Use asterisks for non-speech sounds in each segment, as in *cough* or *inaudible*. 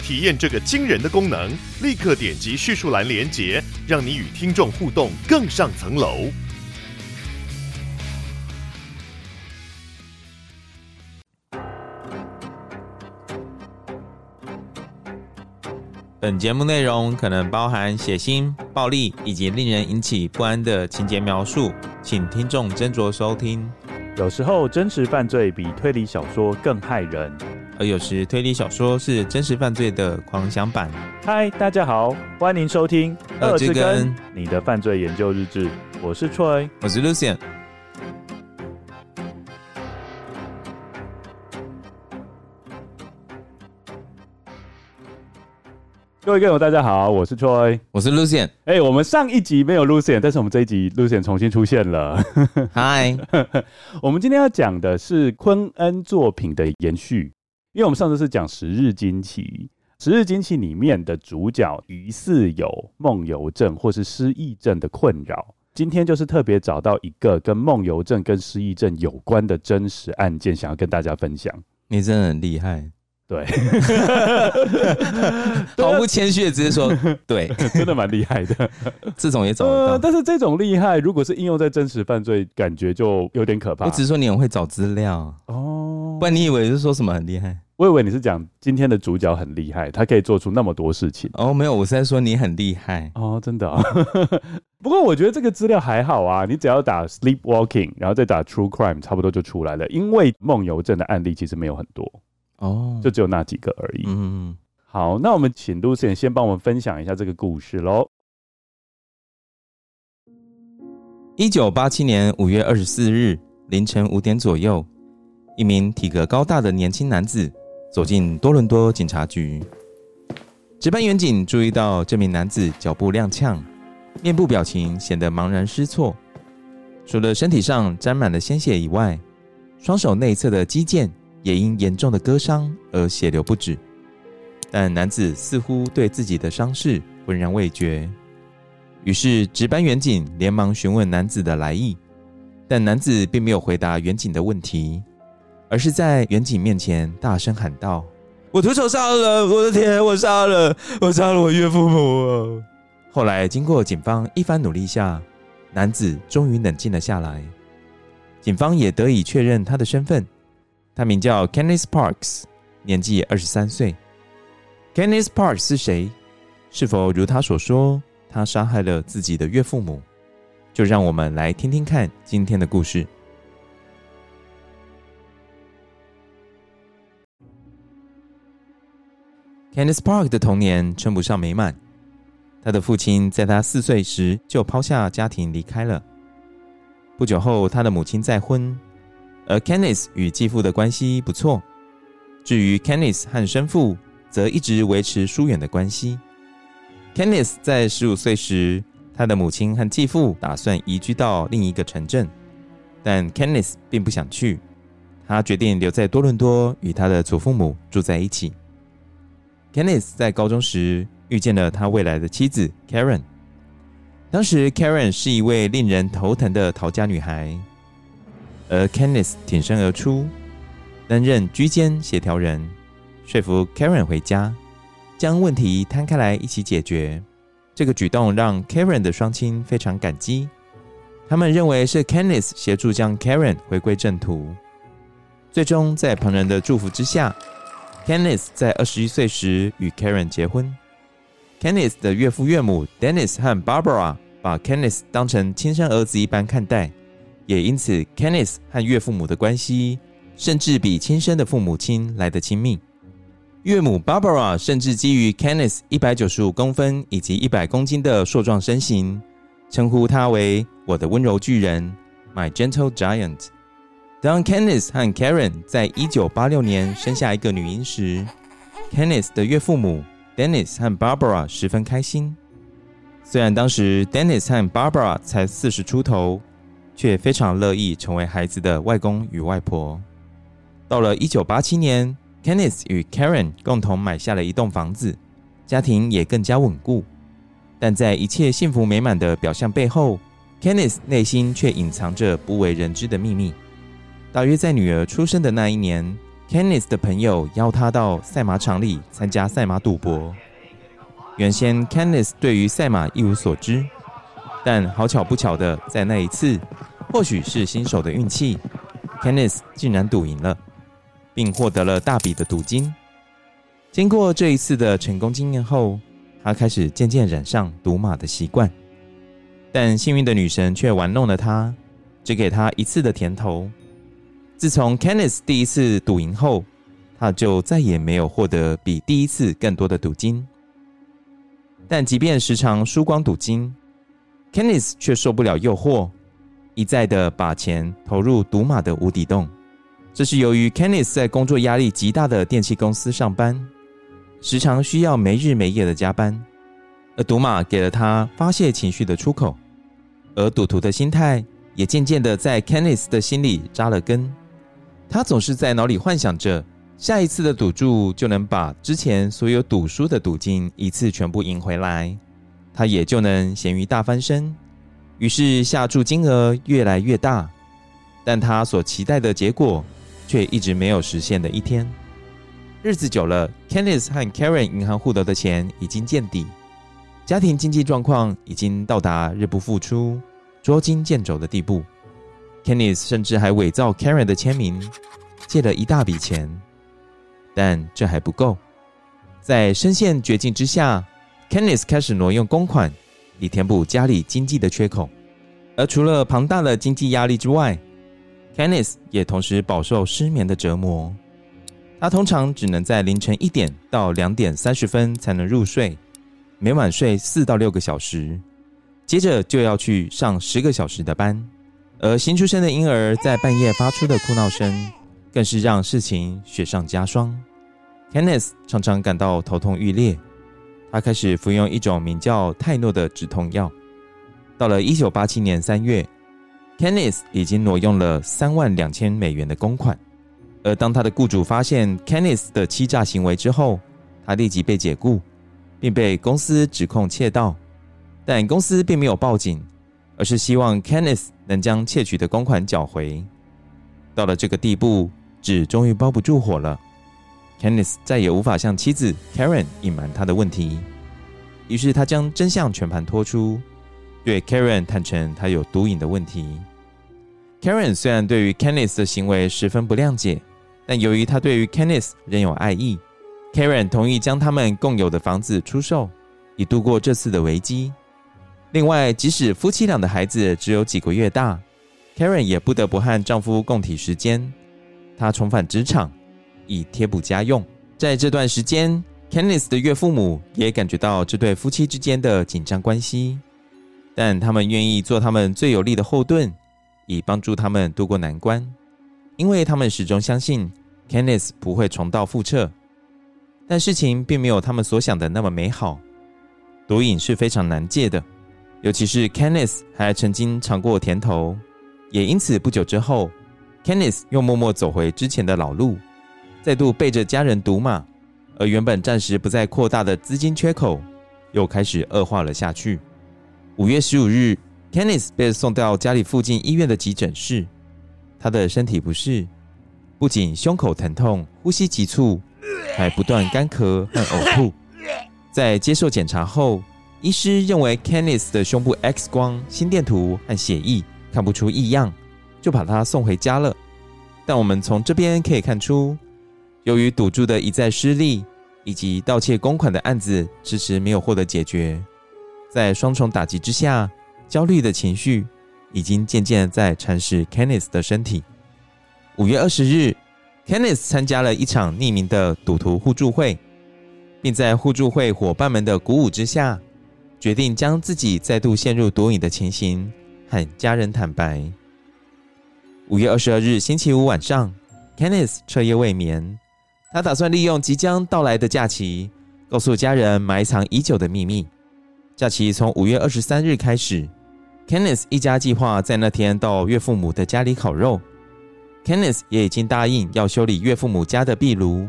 體驗這個驚人的功能，立刻點擊敘述欄連接，讓你與聽眾互動更上層樓。本節目內容可能包含血腥、暴力以及令人引起不安的情節描述，請聽眾斟酌收聽。有時候，真實犯罪比推理小說更駭人。而有時，推理小說是真實犯罪的狂想版。嗨，大家好，歡迎收聽《惡之根：你的犯罪研究日誌》。我是 Troy，我是 Lucien。各位觀眾，大家好，我是 Troy，我是 Lucien。哎、欸，我們上一集沒有 Lucien，但是我們這一集 Lucien 重新出現了。嗨 *laughs* Hi .， *laughs* 我們今天要講的是昆恩作品的延續。因為我們上次是講《十日驚奇》，《十日驚奇》裡面的主角疑似有夢遊症或是失憶症的困擾。今天就是特別找到一個跟夢遊症跟失憶症有關的真實案件，想要跟大家分享。你真的很厲害。對 *laughs* *laughs* 毫不謙虛的直接說，對， *laughs* 真的蠻厲害的， *laughs* 這種也找得到、呃。但是這種厲害，如果是應用在真實犯罪，感覺就有點可怕。我只說你很會找資料哦，不然你以為是說什麼很厲害？我以為你是講今天的主角很厲害，他可以做出那麼多事情。哦，沒有，我是在說你很厲害哦，真的、啊。 *laughs* 不過我覺得這個資料還好啊，你只要打 sleepwalking，然後再打 true crime，差不多就出來了。因為夢遊症的案例其實沒有很多。哦、oh,，就只有那幾個而已。嗯，好，那我們請 Lucien 先幫我們分享一下這個故事嘍。一九八七年五月二十四日凌晨五點左右，一名體格高大的年輕男子走進多倫多警察局，值班員警注意到這名男子腳步踉蹌，面部表情顯得茫然失措，除了身體上沾滿了鮮血以外，雙手內側的肌腱。也因嚴重的割傷而血流不止，但男子似乎對自己的傷勢渾然未覺。於是，值班員警連忙詢問男子的來意，但男子並沒有回答員警的問題，而是在員警面前大聲喊道：“我徒手殺了！我的天，我殺了！我殺了我岳父母！”後來，經過警方一番努力下，男子終於冷靜了下來，警方也得以確認他的身份。他名叫 Kenneth Parks，年紀二十三歲。Kenneth Parks 是誰？是否如他所說，他殺害了自己的岳父母？就讓我們來聽聽看今天的故事。Kenneth Parks 的童年稱不上美滿，他的父親在他四歲時就拋下家庭離開了。不久後，他的母親再婚。而 Kenneth 與繼父的關係不錯，至於 Kenneth 和生父，則一直維持疏遠的關係。Kenneth 在十五歲時，他的母親和繼父打算移居到另一個城鎮，但 Kenneth 並不想去，他決定留在多倫多與他的祖父母住在一起。Kenneth 在高中時遇見了他未來的妻子 Karen，當時 Karen 是一位令人頭疼的逃家女孩。而 Kenneth 挺身而出，擔任居間協調人，說服 Karen 回家，將問題攤開來一起解決。這個舉動讓 Karen 的雙親非常感激，他們認為是 Kenneth 協助將 Karen 回歸正途。最終，在旁人的祝福之下，Kenneth 在二十一歲時與 Karen 結婚。Kenneth 的岳父岳母 Dennis 和 Barbara 把 Kenneth 當成親生兒子一般看待。也因此，Kenneth 和岳父母的關係甚至比親生的父母親來得親密。岳母 Barbara 甚至基於 Kenneth 一百九十五公分以及一百公斤的碩壯身形，稱呼他為“我的溫柔巨人 ”（My Gentle Giant）。當 Kenneth 和 Karen 在一九八六年生下一個女嬰時 *laughs* ，Kenneth 的岳父母 Dennis 和 Barbara 十分開心。雖然當時 Dennis 和 Barbara 才四十出頭，卻非常樂意成為孩子的外公與外婆。到了一九八七年，Kenneth 與 Karen 共同買下了一棟房子，家庭也更加穩固。但在一切幸福美滿的表象背後，Kenneth 內心卻隱藏着不為人知的秘密。大約在女兒出生的那一年，Kenneth 的朋友邀他到賽馬場裡參加賽馬賭博。原先 Kenneth 對於賽馬一無所知，但好巧不巧的，在那一次。或許是新手的運氣，Kenneth 竟然賭贏了，並獲得了大筆的賭金。經過這一次的成功經驗後，他開始漸漸染上賭馬的習慣。但幸運的女神卻玩弄了他，只給他一次的甜頭。自從 Kenneth 第一次賭贏後，他就再也沒有獲得比第一次更多的賭金。但即便時常輸光賭金，Kenneth 卻受不了誘惑。一再的把錢投入賭馬的無底洞，這是由於 Kenneth 在工作壓力極大的電器公司上班，時常需要沒日沒夜的加班，而賭馬給了他發洩情緒的出口，而賭徒的心態也漸漸的在 Kenneth 的心裡扎了根，他總是在腦裡幻想着下一次的賭注就能把之前所有賭輸的賭金一次全部贏回來，他也就能鹹魚大翻身。於是下注金額越來越大，但他所期待的結果卻一直沒有實現的一天。日子久了，Kenneth 和 Karen 銀行戶頭的錢已經見底，家庭經濟狀況已經到達入不敷出、捉襟見肘的地步。Kenneth 甚至還偽造 Karen 的簽名，借了一大筆錢，但這還不夠。在身陷絕境之下，Kenneth 開始挪用公款。以填補家裡經濟的缺口，而除了龐大的經濟壓力之外，Kenneth 也同時飽受失眠的折磨。他通常只能在凌晨一點到兩點三十分才能入睡，每晚睡四到六個小時，接着就要去上十個小時的班。而新出生的嬰兒在半夜發出的哭鬧聲，更是讓事情雪上加霜。Kenneth 常常感到頭痛欲裂。他開始服用一種名叫泰諾的止痛藥。到了1987年3月，Kenneth 已經挪用了3萬2千美元的公款。而當他的雇主發現 Kenneth 的欺詐行為之後，他立即被解雇，並被公司指控竊盜。但公司並沒有報警，而是希望 Kenneth 能將竊取的公款繳回。到了這個地步，紙終於包不住火了。Kenneth 再也無法向妻子 Karen 隱瞞他的問題，於是他將真相全盤托出，對 Karen 坦承他有毒癮的問題。Karen 雖然對於 Kenneth 的行為十分不諒解，但由於她對於 Kenneth 仍有愛意，Karen 同意將他們共有的房子出售，以度過這次的危機。另外，即使夫妻倆的孩子只有幾個月大，Karen 也不得不和丈夫共體時艱。她重返職場。以貼補家用。在這段時間，Kenneth 的岳父母也感覺到這對夫妻之間的緊張關係，但他們願意做他們最有力的後盾，以幫助他們渡過難關，因為他們始終相信 Kenneth 不會重蹈覆轍。但事情並沒有他們所想的那麼美好。毒癮是非常難戒的，尤其是 Kenneth 還曾經嘗過甜頭，也因此不久之後，Kenneth 又默默走回之前的老路。再度背着家人賭馬，而原本暫時不再擴大的資金缺口又開始惡化了下去。五月十五日，Kenneth 被送到家裡附近醫院的急診室，他的身體不適，不僅胸口疼痛，呼吸急促，還不斷乾咳和嘔吐。 *laughs* 在接受檢查後，醫師認為 Kenneth 的胸部 X 光、心電圖和血液看不出異樣，就把他送回家了。但我們從這邊可以看出。由於賭注的一再失利，以及盜竊公款的案子遲遲沒有獲得解決，在雙重打擊之下，焦慮的情緒已經漸漸在蠶食 Kenneth 的身體。五月二十日 Kenneth 參加了一場匿名的賭徒互助會，並在互助會伙伴們的鼓舞之下，決定將自己再度陷入賭癮的情形和家人坦白。五月二十二日星期五晚上 Kenneth 徹夜未眠。他打算利用即將到來的假期，告訴家人埋藏已久的秘密。假期從五月二十三日開始，Kenneth 一家計劃在那天到岳父母的家裡烤肉。Kenneth 也已經答應要修理岳父母家的壁爐。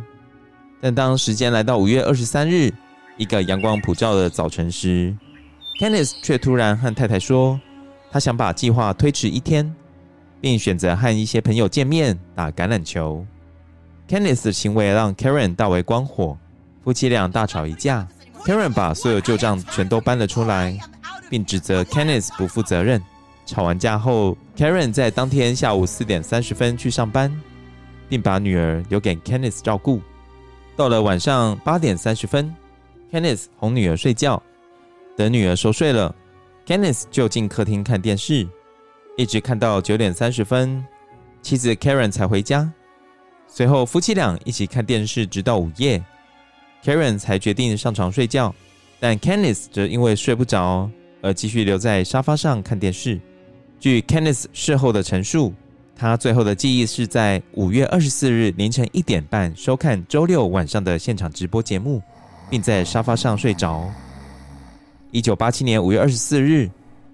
但當時間來到五月二十三日，一個陽光普照的早晨時，Kenneth 卻突然和太太說，他想把計劃推遲一天，並選擇和一些朋友見面打橄欖球。Kenneth 的行為讓 Karen 大為光火，夫妻倆大吵一架。Karen 把所有舊賬全都搬了出來，並指責 Kenneth 不負責任。吵完架後，Karen 在當天下午四點三十分去上班，並把女兒留給 Kenneth 照顧。到了晚上八點三十分，Kenneth 哄女兒睡覺，等女兒熟睡了，Kenneth 就進客廳看電視，一直看到九點三十分，妻子 Karen 才回家。隨後，夫妻倆一起看電視，直到午夜，Karen 才決定上床睡覺，但 Kenneth 則因為睡不着而繼續留在沙發上看電視。據 Kenneth 事後的陳述，他最後的記憶是在五月二十四日凌晨一點半收看周六晚上的現場直播節目，並在沙發上睡着。一九八七年五月二十四日，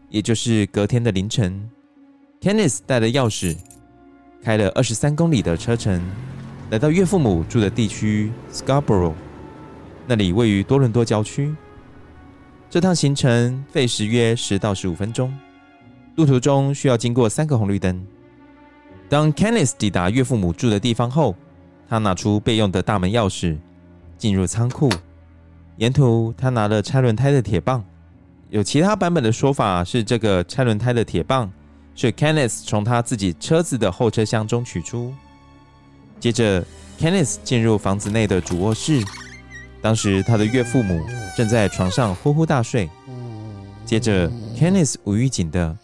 也就是隔天的凌晨，Kenneth 帶了鑰匙。開了二十三公里的車程，來到岳父母住的地區 Scarborough，那裡位於多倫多郊區。這趟行程費時約十到十五分鐘，路途中需要經過三個紅綠燈。當 Kenneth 抵達岳父母住的地方後，他拿出備用的大門鑰匙進入倉庫。沿途他拿了拆輪胎的鐵棒，有其他版本的說法是這個拆輪胎的鐵棒。是 Kenneth 從他自己車子的後車廂中取出。接着 Kenneth 進入房子內的主臥室，當時他的岳父母正在床上呼呼大睡。接着 Kenneth 無預警的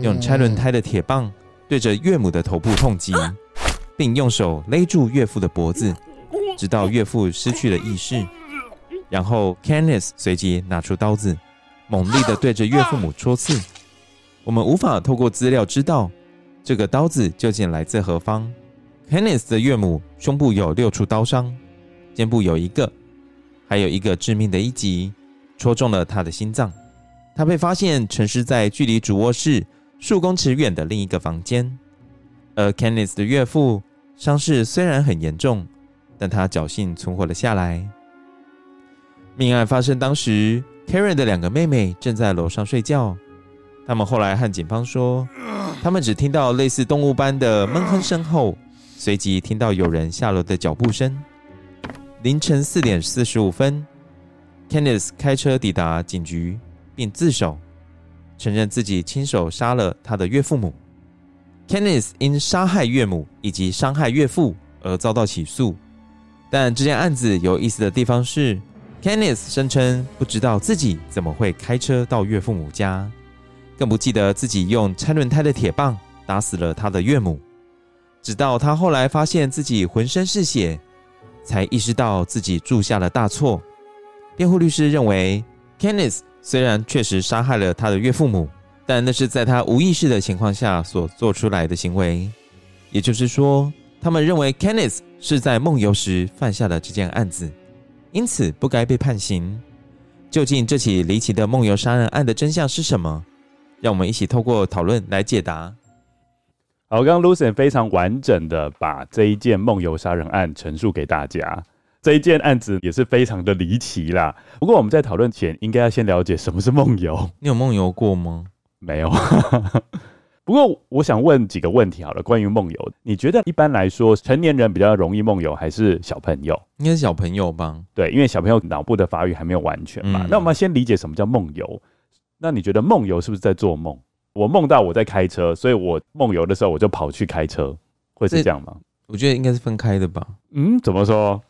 用拆輪胎的鐵棒對着岳母的頭部痛擊，並用手勒住岳父的脖子，直到岳父失去了意識。然後 Kenneth 隨即拿出刀子，猛力的對着岳父母戳刺。我們無法透過資料知道這個刀子究竟來自何方。Kenneth 的岳母胸部，有六處刀傷，肩部有一個，還有一個致命的一擊，戳中了她的心臟。她被發現陳屍在距離主臥室數公尺遠的另一個房間。而 Kenneth 的岳父傷勢雖然很嚴重，但他僥倖存活了下來。命案發生當時，Karen 的兩個妹妹正在樓上睡覺。他們後來和警方說，他們只聽到類似動物般的悶哼聲後，隨即聽到有人下樓的腳步聲。凌晨四點四十五分 *noise* ，Kenneth 開車抵達警局並自首，承認自己親手殺了他的岳父母。Kenneth 因殺害岳母以及傷害岳父而遭到起訴，但這件案子有意思的地方是，Kenneth 聲稱不知道自己怎麼會開車到岳父母家。更不記得自己用拆輪胎的鐵棒打死了他的岳母，直到他後來發現自己渾身是血，才意識到自己鑄下了大錯。辯護律師認為，Kenneth 雖然確實殺害了他的岳父母，但那是在他無意識的情況下所做出來的行為，也就是說，他們認為 Kenneth 是在夢遊時犯下的這件案子，因此不該被判刑。究竟這起離奇的夢遊殺人案的真相是什麼？讓我們一起透過討論來解答。好，剛剛 Lucien 非常完整的把這一件夢遊殺人案陳述給大家。這一件案子也是非常的離奇啦。不過我們在討論前，應該要先了解什麼是夢遊。你有夢遊過嗎？沒有。 *laughs* 不過我想問幾個問題好了，關於夢遊，你覺得一般來說，成年人比較容易夢遊，還是小朋友？應該是小朋友吧？對，因為小朋友腦部的發育還沒有完全嘛、嗯。那我們先理解什麼叫夢遊。那你覺得夢遊是不是在做夢？我夢到我在開車，所以我夢遊的時候我就跑去開車，會是這樣嗎？我覺得應該是分開的吧。嗯，怎麼說？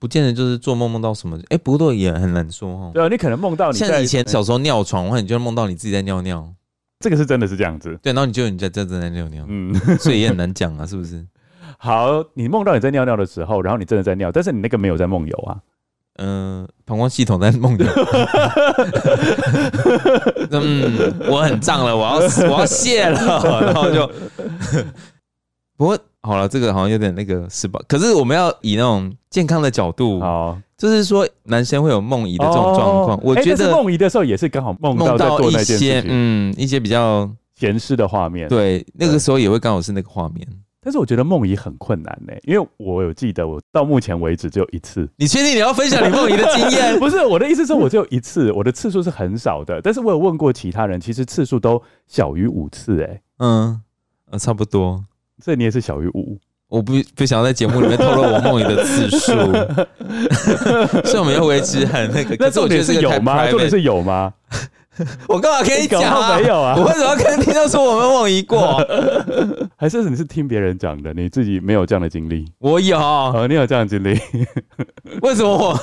不見得就是做夢夢到什麼。哎、欸，不過也很難說哦，對啊，你可能夢到你在，像以前小時候尿床的話，然後你就會夢到你自己在尿尿。這個是真的是這樣子。對，然後你就你在真的在尿尿。嗯， *laughs* 所以也很難講啊，是不是？好，你夢到你在尿尿的時候，然後你真的在尿，但是你那個沒有在夢遊啊。嗯、呃，膀胱系統在夢遊。嗯，我很脹了，我要死，我要洩了，然後就 *laughs* 不。不過好了，這個好像有點那個是吧？可是我們要以那種健康的角度，好就是說男生會有夢遺的這種狀況、哦。我覺得夢遺、欸、的時候也是剛好夢到過一些嗯一些比較鹹濕的畫面。對，那個時候也會剛好是那個畫面。但是我覺得夢遺很困難呢、欸，因為我有記得，我到目前為止就一次。你確定你要分享你夢遺的經驗？ *laughs* 不是，我的意思是，我就一次， *laughs* 我的次數是很少的。但是我有問過其他人，其實次數都小於五次、欸，哎，嗯，差不多，所以你也是小於五。我不不想在節目裡面透露我夢遺的次數， *laughs* *laughs* 所以我們要維持很那個。但 *laughs* 是我覺得是有嗎？重點是有嗎？ *laughs* 我幹嘛可以講啊？欸、沒有啊！我為什麼可以聽到說我們夢遺過？還是你是聽別人講的？你自己沒有這樣的經歷？我有，oh, 你有這樣的經歷？為什麼我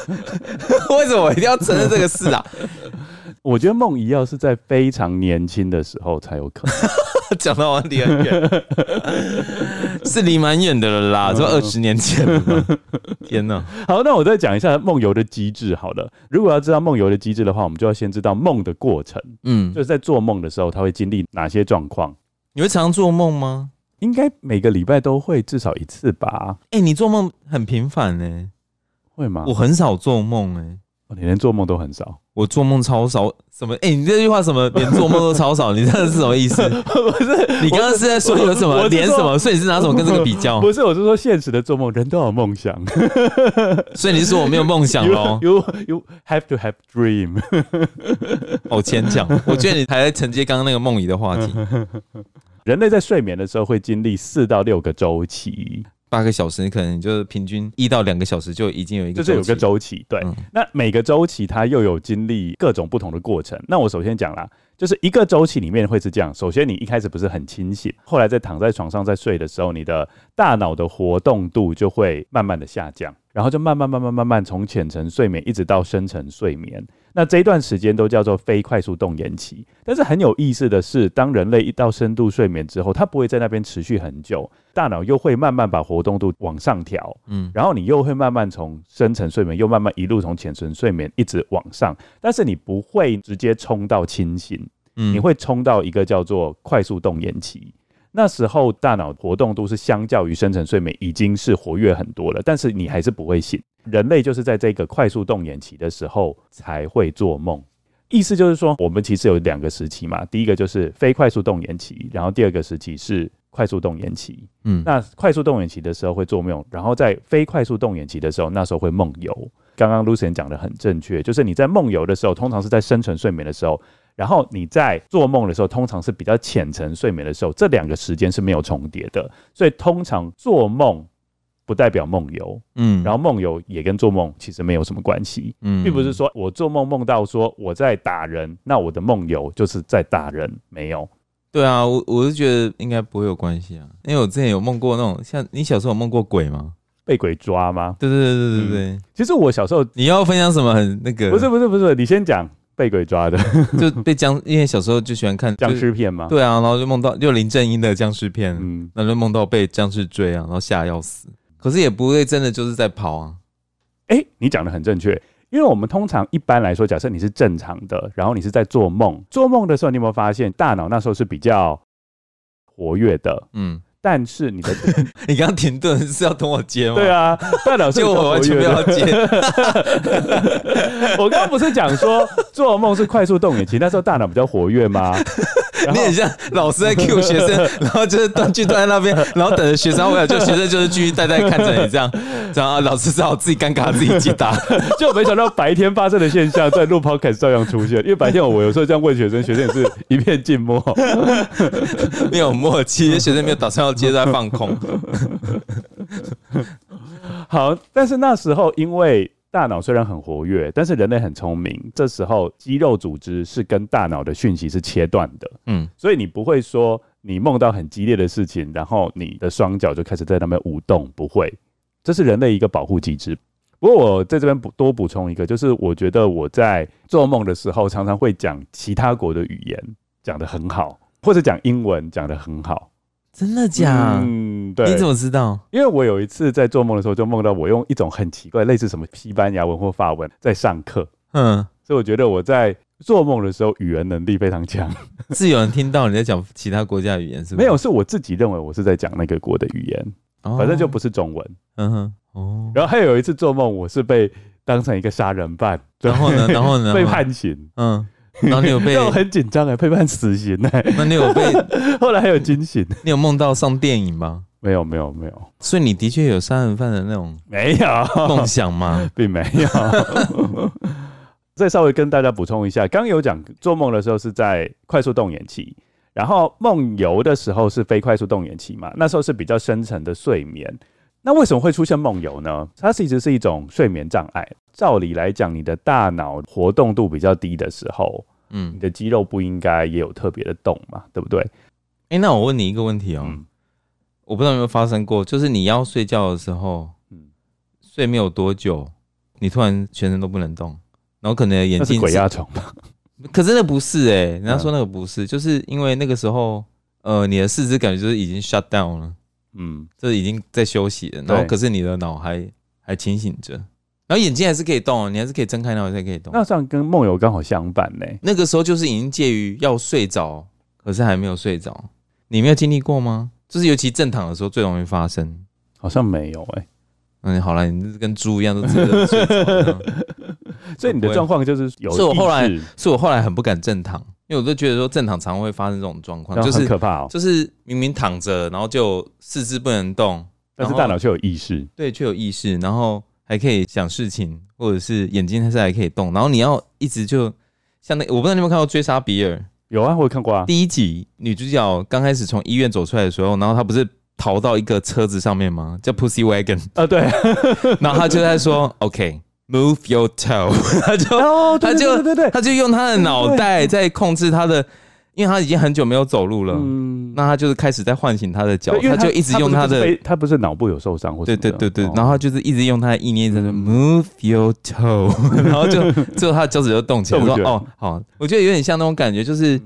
為什麼我一定要承認這個事啊？ *laughs* 我覺得夢遺要是在非常年輕的時候才有可能。講 *laughs* 到完第二遍。 *laughs* 是離蠻遠的了啦，這二十年前 *laughs* 天吶、啊、好，那我再講一下夢遊的機制好了。如果要知道夢遊的機制的話，我們就要先知道夢的過程。嗯，就是在做夢的時候，它會經歷哪些狀況？你會常做夢嗎？應該每個禮拜都會至少一次吧。哎、欸，你做夢很頻繁呢、欸？會嗎？我很少做夢哎、欸。你連做夢都很少。我做夢超少，什麼？哎、欸，你這句話什麼？連做夢都超少，你真的是什麼意思？ *laughs* 不是，你剛剛是在說有什麼連什麼？所以你是拿什麼跟這個比較？不是，我是說現實的做夢，人都有夢想。 *laughs* 所以你是說我沒有夢想哦。You, you, you have to have dream。 *laughs* 好牽強，我覺得你還在承接剛剛那個夢遺的話題。人類在睡眠的時候會經歷四到六個週期。八個小時，可能就是平均一到兩個小時就已經有一個週期，就是有個周期。對，嗯、那每個周期它又有經歷各種不同的過程。那我首先講啦，就是一個周期裡面會是這樣：首先你一開始不是很清醒，後來在躺在床上在睡的時候，你的大腦的活動度就會慢慢的下降，然後就慢慢慢慢慢慢從淺層睡眠一直到深層睡眠。那這一段時間都叫做非快速動眼期。但是很有意思的是，當人類一到深度睡眠之後，它不會在那邊持續很久，大腦又會慢慢把活動度往上調，然後你又會慢慢從深層睡眠又慢慢一路從淺層睡眠一直往上，但是你不會直接衝到清醒，你會衝到一個叫做快速動眼期，那時候大腦活動度是相較於深層睡眠已經是活躍很多了，但是你還是不會醒。人類就是在這個快速動眼期的時候才會做夢，意思就是說，我們其實有兩個時期嘛，第一個就是非快速動眼期，然後第二個時期是快速動眼期。嗯，那快速動眼期的時候會做夢，然後在非快速動眼期的時候，那時候會夢遊。剛剛 Lucien 講的很正確，就是你在夢遊的時候，通常是在深層睡眠的時候，然後你在做夢的時候，通常是比較淺層睡眠的時候，這兩個時間是沒有重疊的，所以通常做夢，不代表夢遊，嗯，然後夢遊也跟做夢其實沒有什麼關係，嗯，並不是說我做夢夢到說我在打人，那我的夢遊就是在打人，沒有。對啊，我我是覺得應該不會有關係啊，因為我之前有夢過那種，像你小時候有夢過鬼嗎？被鬼抓嗎？對對對對對對、嗯。其實我小時候，你要分享什麼很那個？不是不是不是，你先講被鬼抓的， *laughs* 就被僵，因為小時候就喜歡看、就是、殭屍片嘛。對啊，然後就夢到就林正英的殭屍片，嗯，那就夢到被殭屍追啊，然後嚇得要死。可是也不會真的就是在跑啊。誒，你講得很正確，因為我們通常一般來說，假設你是正常的，然後你是在做夢，做夢的時候你有沒有發現大腦那時候是比較活躍的？嗯。但是你的， *laughs* 你剛剛停頓是要等我接嗎？對啊，大腦就我完全不要接。 *laughs* *laughs* 我剛剛不是講說做夢是快速動眼期，那時候大腦比較活躍嗎？你很像老師在 Q 學生， *laughs* 然後就是斷句斷在那邊，然後等着學生，我想就學生就是繼續呆呆看着你這樣，然後老師只好自己尷尬自己解答。 *laughs* 就沒想到白天發生的現象在錄 Podcast 照樣出現，因為白天我有時候這樣問學生，學生也是一片靜默，沒 *laughs* 有默契，學生沒有打算。接在放空 *laughs* ，好。但是那時候，因為大腦雖然很活躍，但是人類很聰明。這時候，肌肉組織是跟大腦的訊息是切斷的，嗯。所以你不會說你夢到很激烈的事情，然後你的雙腳就開始在那邊舞動，不會。這是人類一個保護機制。不過我在這邊補多補充一個，就是我覺得我在做夢的時候，常常會講其他國的語言，講得很好，或者講英文，講得很好。真的假的？嗯，對。你怎麼知道？因為我有一次在做夢的時候，就夢到我用一種很奇怪，類似什麼西班牙文或法文在上課。嗯，所以我覺得我在做夢的時候語言能力非常強。是有人聽到你在講其他國家的語言，是不是？沒有，是我自己認為我是在講那個國的語言，哦，反正就不是中文。嗯哼，哦。然後還有一次做夢，我是被當成一個殺人犯，然後呢，然後呢， *laughs* 被判刑。嗯。那你有被 *laughs* 我很緊張哎，被判死刑哎、欸？那你有被 *laughs* 後來還有驚醒？你有夢到上電影嗎？沒有，沒有，沒有。所以你的確有殺人犯的那種夢沒有夢想嗎？並沒有。 *laughs* 再稍微跟大家補充一下，剛 *laughs* 有講做夢的時候是在快速動眼期，然後夢遊的時候是非快速動眼期嘛，那時候是比較深層的睡眠。那為什麼會出現夢遊呢？它其實是一種睡眠障礙。照理來講，你的大腦活動度比較低的時候，嗯，你的肌肉不應該也有特別的動嘛，對不對？哎、欸，那我問你一個問題哦、喔嗯，我不知道有沒有發生過，就是你要睡覺的時候，嗯，睡沒有多久，你突然全身都不能動，然後可能眼睛鬼壓床嘛？ *laughs* 可真的不是誒、欸、人家說那個不是、嗯，就是因為那個時候，呃，你的四肢感覺就是已經 shut down 了。嗯，這已經在休息了，然後可是你的腦還還清醒着，然後眼睛還是可以動，你還是可以睜開，然後才可以動。那像跟夢遊剛好相反呢、欸？那個時候就是已經介於要睡着，可是還沒有睡着。你沒有經歷過嗎？就是尤其正躺的時候最容易發生。好像沒有哎、欸。嗯，好了，你跟豬一樣都直接睡着。 *laughs* 然後 *laughs* 所以你的狀況就是，有。是我後來，是我後來很不敢正躺。因為我都覺得說正常常會發生這種狀況，就是可怕哦，就是明明躺着，然後就四肢不能動，但是大腦卻有意識，對，卻有意識，然後還可以想事情，或者是眼睛還是還可以動，然後你要一直就像那，我不知道你有沒有看到《追殺比爾》，有啊，我有看過啊。第一集女主角剛開始從醫院走出來的時候，然後她不是逃到一個車子上面嗎？叫 Pussy Wagon 啊、呃，對， *laughs* 然後她就在說 *laughs* OK。Move your toe，他就，他就，他就用他的腦袋在控制他的，因為他已經很久沒有走路了，那他就是開始在喚醒他的腳，他就一直用他的，他不是腦部有受傷，或者對對對對，然後他就是一直用他的意念在那 Move your toe，然後就之後他的腳趾就動起來，我說，說哦好，我覺得有點像那種感覺，就是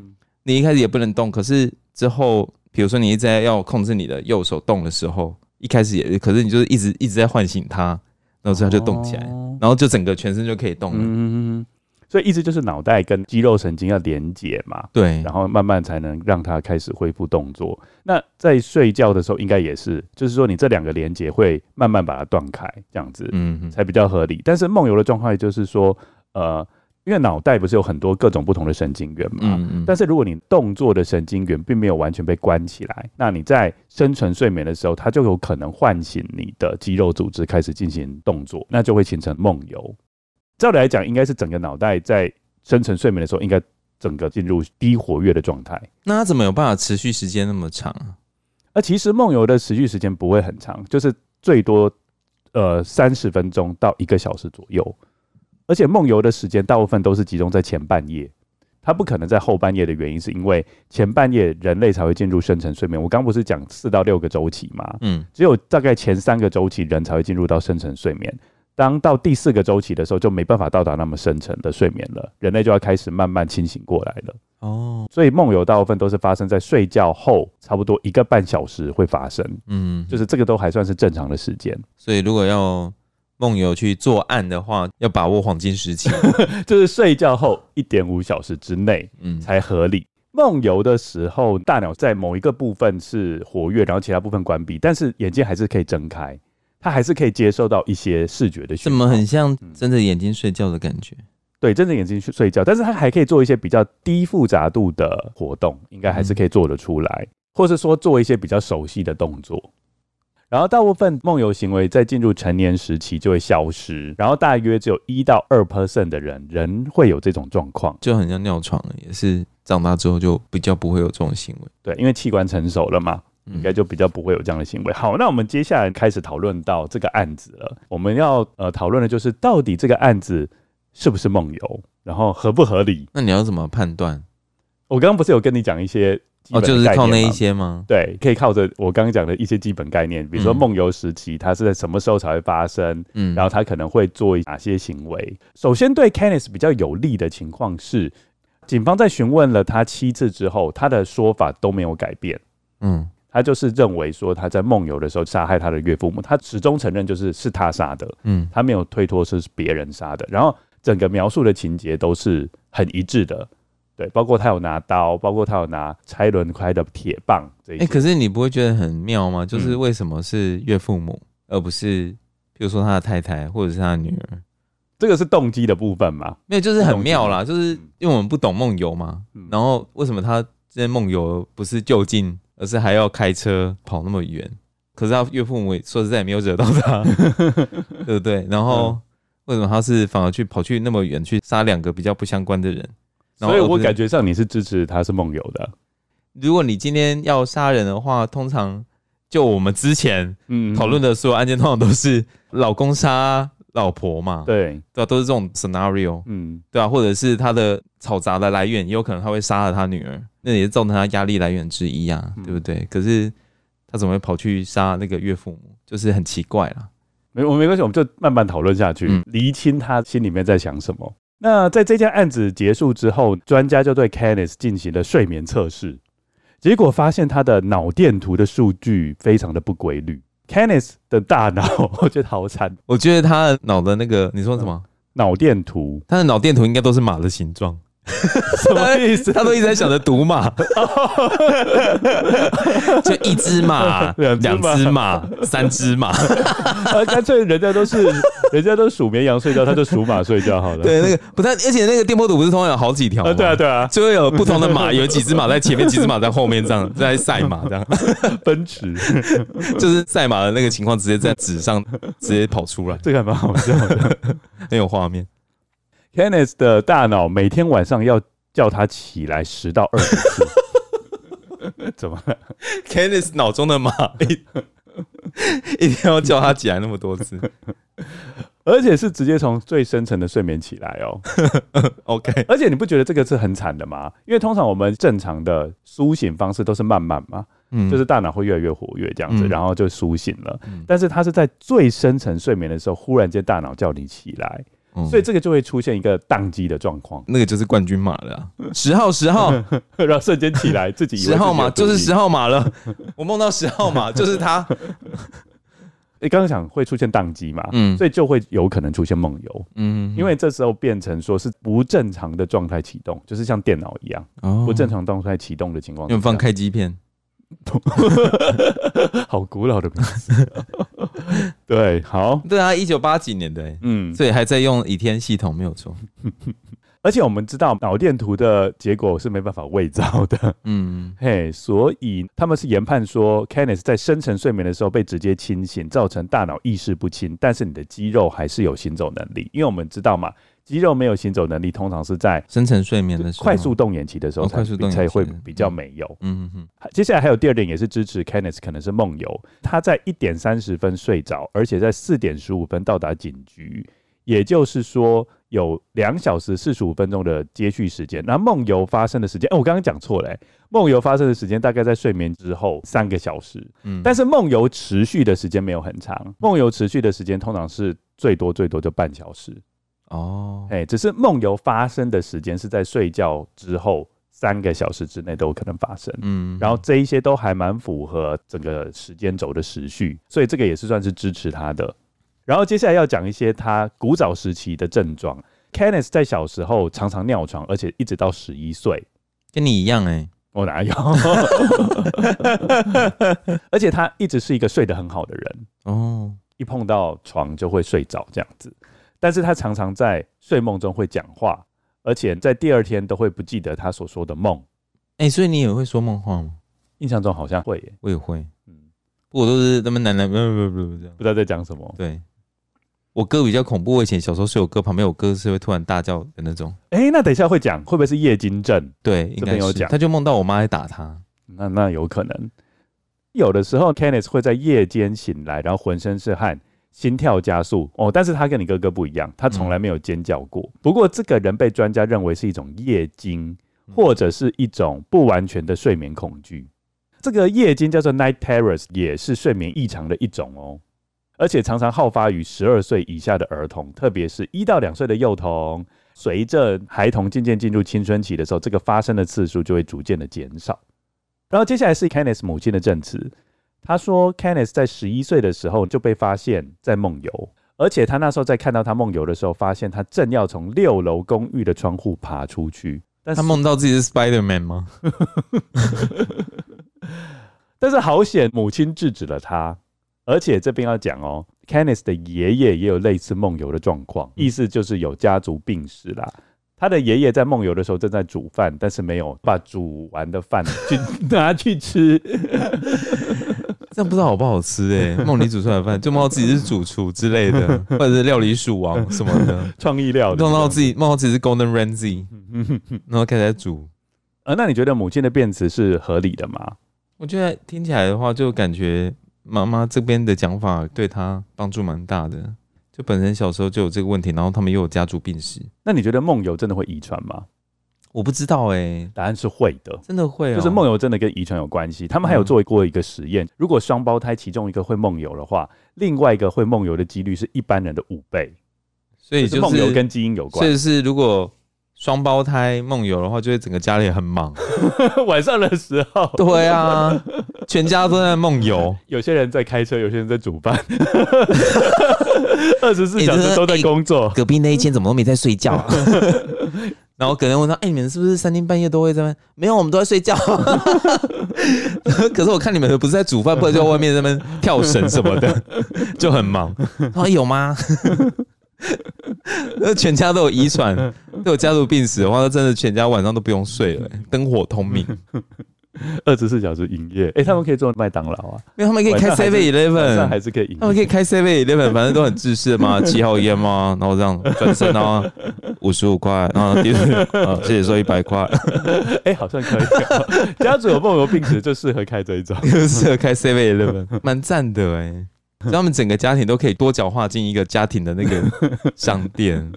你一開始也不能動，可是之後比如說你一直在要控制你的右手動的時候，一開始也，可是你就是一直一直在喚醒他。然後這樣就動起來，哦，然後就整個全身就可以動了。嗯嗯嗯，所以意思就是腦袋跟肌肉神經要連接嘛。對，然後慢慢才能讓它開始恢復動作。那在睡覺的時候應該也是，就是說你這兩個連接會慢慢把它斷開，這樣子，嗯嗯，才比較合理。但是夢遊的狀態就是說，呃。因為腦袋不是有很多各種不同的神經元嘛，嗯嗯。但是如果你動作的神經元並沒有完全被關起來，那你在深層睡眠的時候，它就有可能喚醒你的肌肉組織開始進行動作，那就會形成夢遊。照理來講，應該是整個腦袋在深層睡眠的時候，應該整個進入低活躍的狀態。那它怎麼有辦法持續時間那麼長？而其實夢遊的持續時間不會很長，就是最多呃三十分鐘到一個小時左右。而且夢遊的時間大部分都是集中在前半夜，它不可能在後半夜的原因，是因為前半夜人類才會進入深層睡眠。我剛不是講四到六個週期嗎？嗯，只有大概前三個週期人才會進入到深層睡眠。當到第四個週期的時候，就沒辦法到達那麼深層的睡眠了，人類就要開始慢慢清醒過來了。哦，所以夢遊大部分都是發生在睡覺後差不多一個半小時會發生。嗯，就是這個都還算是正常的時間。所以如果要夢遊去作案的話，要把握黃金時期， *laughs* 就是睡覺後一點五小時之內，嗯，才合理。夢、嗯、遊的時候，大腦在某一個部分是活躍，然後其他部分關閉，但是眼睛還是可以睜開，它還是可以接受到一些視覺的訊號。怎麼很像睜着眼睛睡覺的感覺？嗯、對，睜着眼睛去睡覺，但是它還可以做一些比較低複雜度的活動，應該還是可以做得出來、嗯，或是說做一些比較熟悉的動作。然後大部分夢遊行為在進入成年時期就會消失，然後大約只有一到二 percent 的人人會有這種狀況，就很像尿床，也是長大之後就比較不會有這種行為。對，因為器官成熟了嘛，應該就比較不會有這樣的行為。嗯、好，那我們接下來開始討論到這個案子了。我們要呃討論的就是到底這個案子是不是夢遊，然後合不合理？那你要怎麼判斷？我剛剛不是有跟你講一些？哦，就是靠那一些嗎？對，可以靠着我剛剛講的一些基本概念，比如說夢遊時期，他、嗯、是在什麼時候才會發生？嗯，然後他可能會做哪些行為？嗯、首先，對 Kenneth 比較有利的情況是，警方在詢問了他七次之後，他的說法都沒有改變。嗯，他就是認為說他在夢遊的時候殺害他的岳父母，他始終承認就是是他殺的。嗯，他沒有推脫是別人殺的，然後整個描述的情節都是很一致的。對，包括他有拿刀，包括他有拿拆輪胎的鐵棒這一。哎、欸，可是你不會覺得很妙嗎？就是為什麼是岳父母，嗯、而不是比如說他的太太或者是他的女兒？嗯、這個是動機的部分嗎？沒有，就是很妙啦，就是因為我們不懂夢遊嘛、嗯。然後為什麼他之前夢遊不是就近，而是還要開車跑那麼遠？可是他岳父母也說實在也沒有惹到他， *laughs* *laughs* 對不對？然後為什麼他是反而去跑去那麼遠去殺兩個比較不相關的人？所以我感覺上你是支持他是夢遊的。如果你今天要殺人的話，通常就我們之前嗯討論的所有案件，通常都是老公殺老婆嘛，對，對吧？都是這種 scenario，嗯，對啊？或者是他的嘈雜的來源，也有可能他會殺了他女兒，那也是造成他壓力來源之一呀，嗯，對不對？可是他怎麼會跑去殺那個岳父母？就是很奇怪了。沒我沒關係，我們就慢慢討論下去，嗯，釐清他心裡面在想什麼。那在這件案子結束之後，專家就對 Kenneth 進行了睡眠測試，結果發現他的腦電圖的數據非常的不規律。Kenneth 的大腦，我覺得好慘，我覺得他腦的、的那個，你說什麼？啊、腦電圖？他的腦電圖應該都是馬的形狀。 *laughs* 什麼意思？ *laughs* 他都一直在想着賭馬， *laughs* 馬，就一隻馬、兩隻馬、三隻馬、啊，乾脆人家都是 *laughs* 人家都數綿羊睡覺，他就數馬睡覺好了。對，那個不太，而且那個電波圖不是通常有好幾條嗎、嗯，對啊對啊，就會有不同的馬，有幾隻馬在前面，幾隻馬在後面，這樣在賽馬這樣。奔馳就是賽馬的那個情況，直接在紙上直接跑出來，這個還蠻好笑的。 *laughs* 很有畫面。Kenneth 的大腦每天晚上要叫他起來十到二十次， *laughs* 怎麼了 Kenneth 腦中的馬一 *laughs* 一定要叫他起來那麼多次， *laughs* 而且是直接從最深層的睡眠起來哦。 *laughs* OK，而且你不覺得這個是很慘的嗎？因為通常我們正常的甦醒方式都是慢慢嘛、嗯，就是大腦會越來越活躍這樣子、嗯，然後就甦醒了、嗯。但是他是在最深層睡眠的時候，忽然間大腦叫你起來。所以這個就會出現一個宕機的狀況，那個就是冠軍馬了。十號十號， *laughs* 然後瞬間起來自己十 *laughs* 號馬就是十號馬了。 *laughs* 我夢到十號馬就是他。你剛剛講會出現宕機嘛？嗯，所以就會有可能出現夢遊。嗯，因為這時候變成說是不正常的狀態啟動，就是像電腦一樣、哦，不正常狀態啟動的情況。用放開機片。 *laughs* 好古老的名字，對，好，對啊，一九八幾年的，嗯，所以還在用倚天系統，沒有錯，而且我們知道腦電圖的結果是沒辦法偽造的，嗯，嘿、hey，所以他們是研判說，Kenneth 在深層睡眠的時候被直接清醒，造成大腦意識不清，但是你的肌肉還是有行走能力，因為我們知道嘛。肌肉沒有行走能力，通常是在深沉睡眠的快速動眼期的時候才才會比較沒有、哦。嗯嗯,嗯。接下來還有第二點，也是支持 Kenneth 可能是夢遊。他在一點三十分睡着，而且在四點十五分到達警局，也就是說有兩小時四十五分鐘的接續時間。那夢遊发生的時間、哦，我剛剛講錯了。夢遊发生的時間大概在睡眠之後三個小時，嗯，但是夢遊持續的時間沒有很長。夢遊持續的時間通常是最多最多就半小時。哦，哎，只是夢遊發生的時間是在睡覺之後三個小時之內都有可能發生，嗯，然後這一些都還蠻符合整個時間軸的時序，所以這個也是算是支持他的。然後接下來要講一些他古早時期的症狀。Kenneth 在小時候常常尿床，而且一直到十一歲，跟你一樣哎、欸，我哪有？ *laughs* *laughs* 而且他一直是一個睡得很好的人哦，oh. 一碰到床就會睡着這樣子。但是他常常在睡夢中會講話，而且在第二天都會不記得他所說的夢。哎、欸，所以你也會說夢話嗎？印象中好像會耶，我也會。嗯，不過都是那麼喃喃不不不不，不，不知道在講什麼。對，我哥比較恐怖，以前小時候睡我哥旁邊，我哥是會突然大叫的那種。哎、欸，那等一下會講，會不會是夜驚症？對，應該有講，他就夢到我媽在打他。那那有可能，有的時候 Kenneth 會在夜間醒來，然後渾身是汗。心跳加速哦，但是他跟你哥哥不一樣，他從來沒有尖叫過。嗯、不過，這個人被專家認為是一種夜驚，或者是一種不完全的睡眠恐懼。這個夜驚叫做 night terrors，也是睡眠異常的一種哦。而且常常好發於十二歲以下的兒童，特別是一到兩歲的幼童。隨着孩童漸漸進入青春期的時候，這個發生的次數就會逐漸的減少。然後接下來是 Kenneth 母親的證詞。他說 Kenneth 在十一歲的時候就被發現在夢遊，而且他那時候在看到他夢遊的時候，發現他正要從六樓公寓的窗戶爬出去。但是，他夢到自己是 Spider-Man 嗎？ *laughs* *laughs* 但是好險，母親制止了他。而且這邊要講哦 *music* Kenneth 的爺爺也有類似夢遊的狀況，意思就是有家族病史啦。他的爺爺在夢遊的時候正在煮飯，但是沒有把煮完的飯拿去吃，這樣不知道好不好吃哎、欸。夢裡煮出來的飯， *laughs* 就夢到自己是主廚之類的，或者是料理鼠王什麼的創 *laughs* 意料理。夢到自己夢 *laughs* 到自己是 Gordon Ramsay 然後開始在煮。 *laughs* 呃，那你覺得母親的辯詞是合理的嗎？我覺得聽起來的話，就感覺媽媽這邊的講法對他幫助蠻大的。本人小時候就有這個問題，然後他們又有家族病史，那你覺得夢遊真的會遺傳嗎？我不知道哎、欸，答案是會的，真的會啊、哦，就是夢遊真的跟遺傳有關係。他們還有做過一個實驗、嗯，如果雙胞胎其中一個會夢遊的話，另外一個會夢遊的幾率是一般人的五倍，所以就是、就是夢遊跟基因有關。是，是如果。雙胞胎夢遊的話，就會整個家裡很忙。晚上的時候，對啊， *laughs* 全家都在夢遊。有些人在開車，有些人在煮飯，二十四小時都在工作。欸欸、隔壁那一間怎麼都沒在睡覺啊？ *laughs* 然後可能我說：“哎、欸，你們是不是三更半夜都會在那？”沒有，我們都在睡覺。 *laughs* *laughs* 可是我看你們不是在煮飯，或者在外面在那邊跳繩什麼的， *laughs* 就很忙。 *laughs* 哦，有嗎？ *laughs* 那 *laughs* 全家都有遺傳，都有家族病史的話，那真的全家晚上都不用睡了，欸，燈火通明，二十四小時營業。哎、欸，他們可以做麥當勞啊，因為他們可以開 Seven Eleven，晚上還是可以營業，他們可以開 Seven Eleven，反正都很自私嘛，七號煙嘛，然後這樣轉身啊，五十五塊，然後接着收一百塊。哎、啊 *laughs* 啊 *laughs* 欸，好像可以，家族有夢遊病史就適合開這一種，適 *laughs* 適合開 Seven Eleven，蠻讚的哎、欸。讓他們整個家庭都可以多角化進一個家庭的那個商店，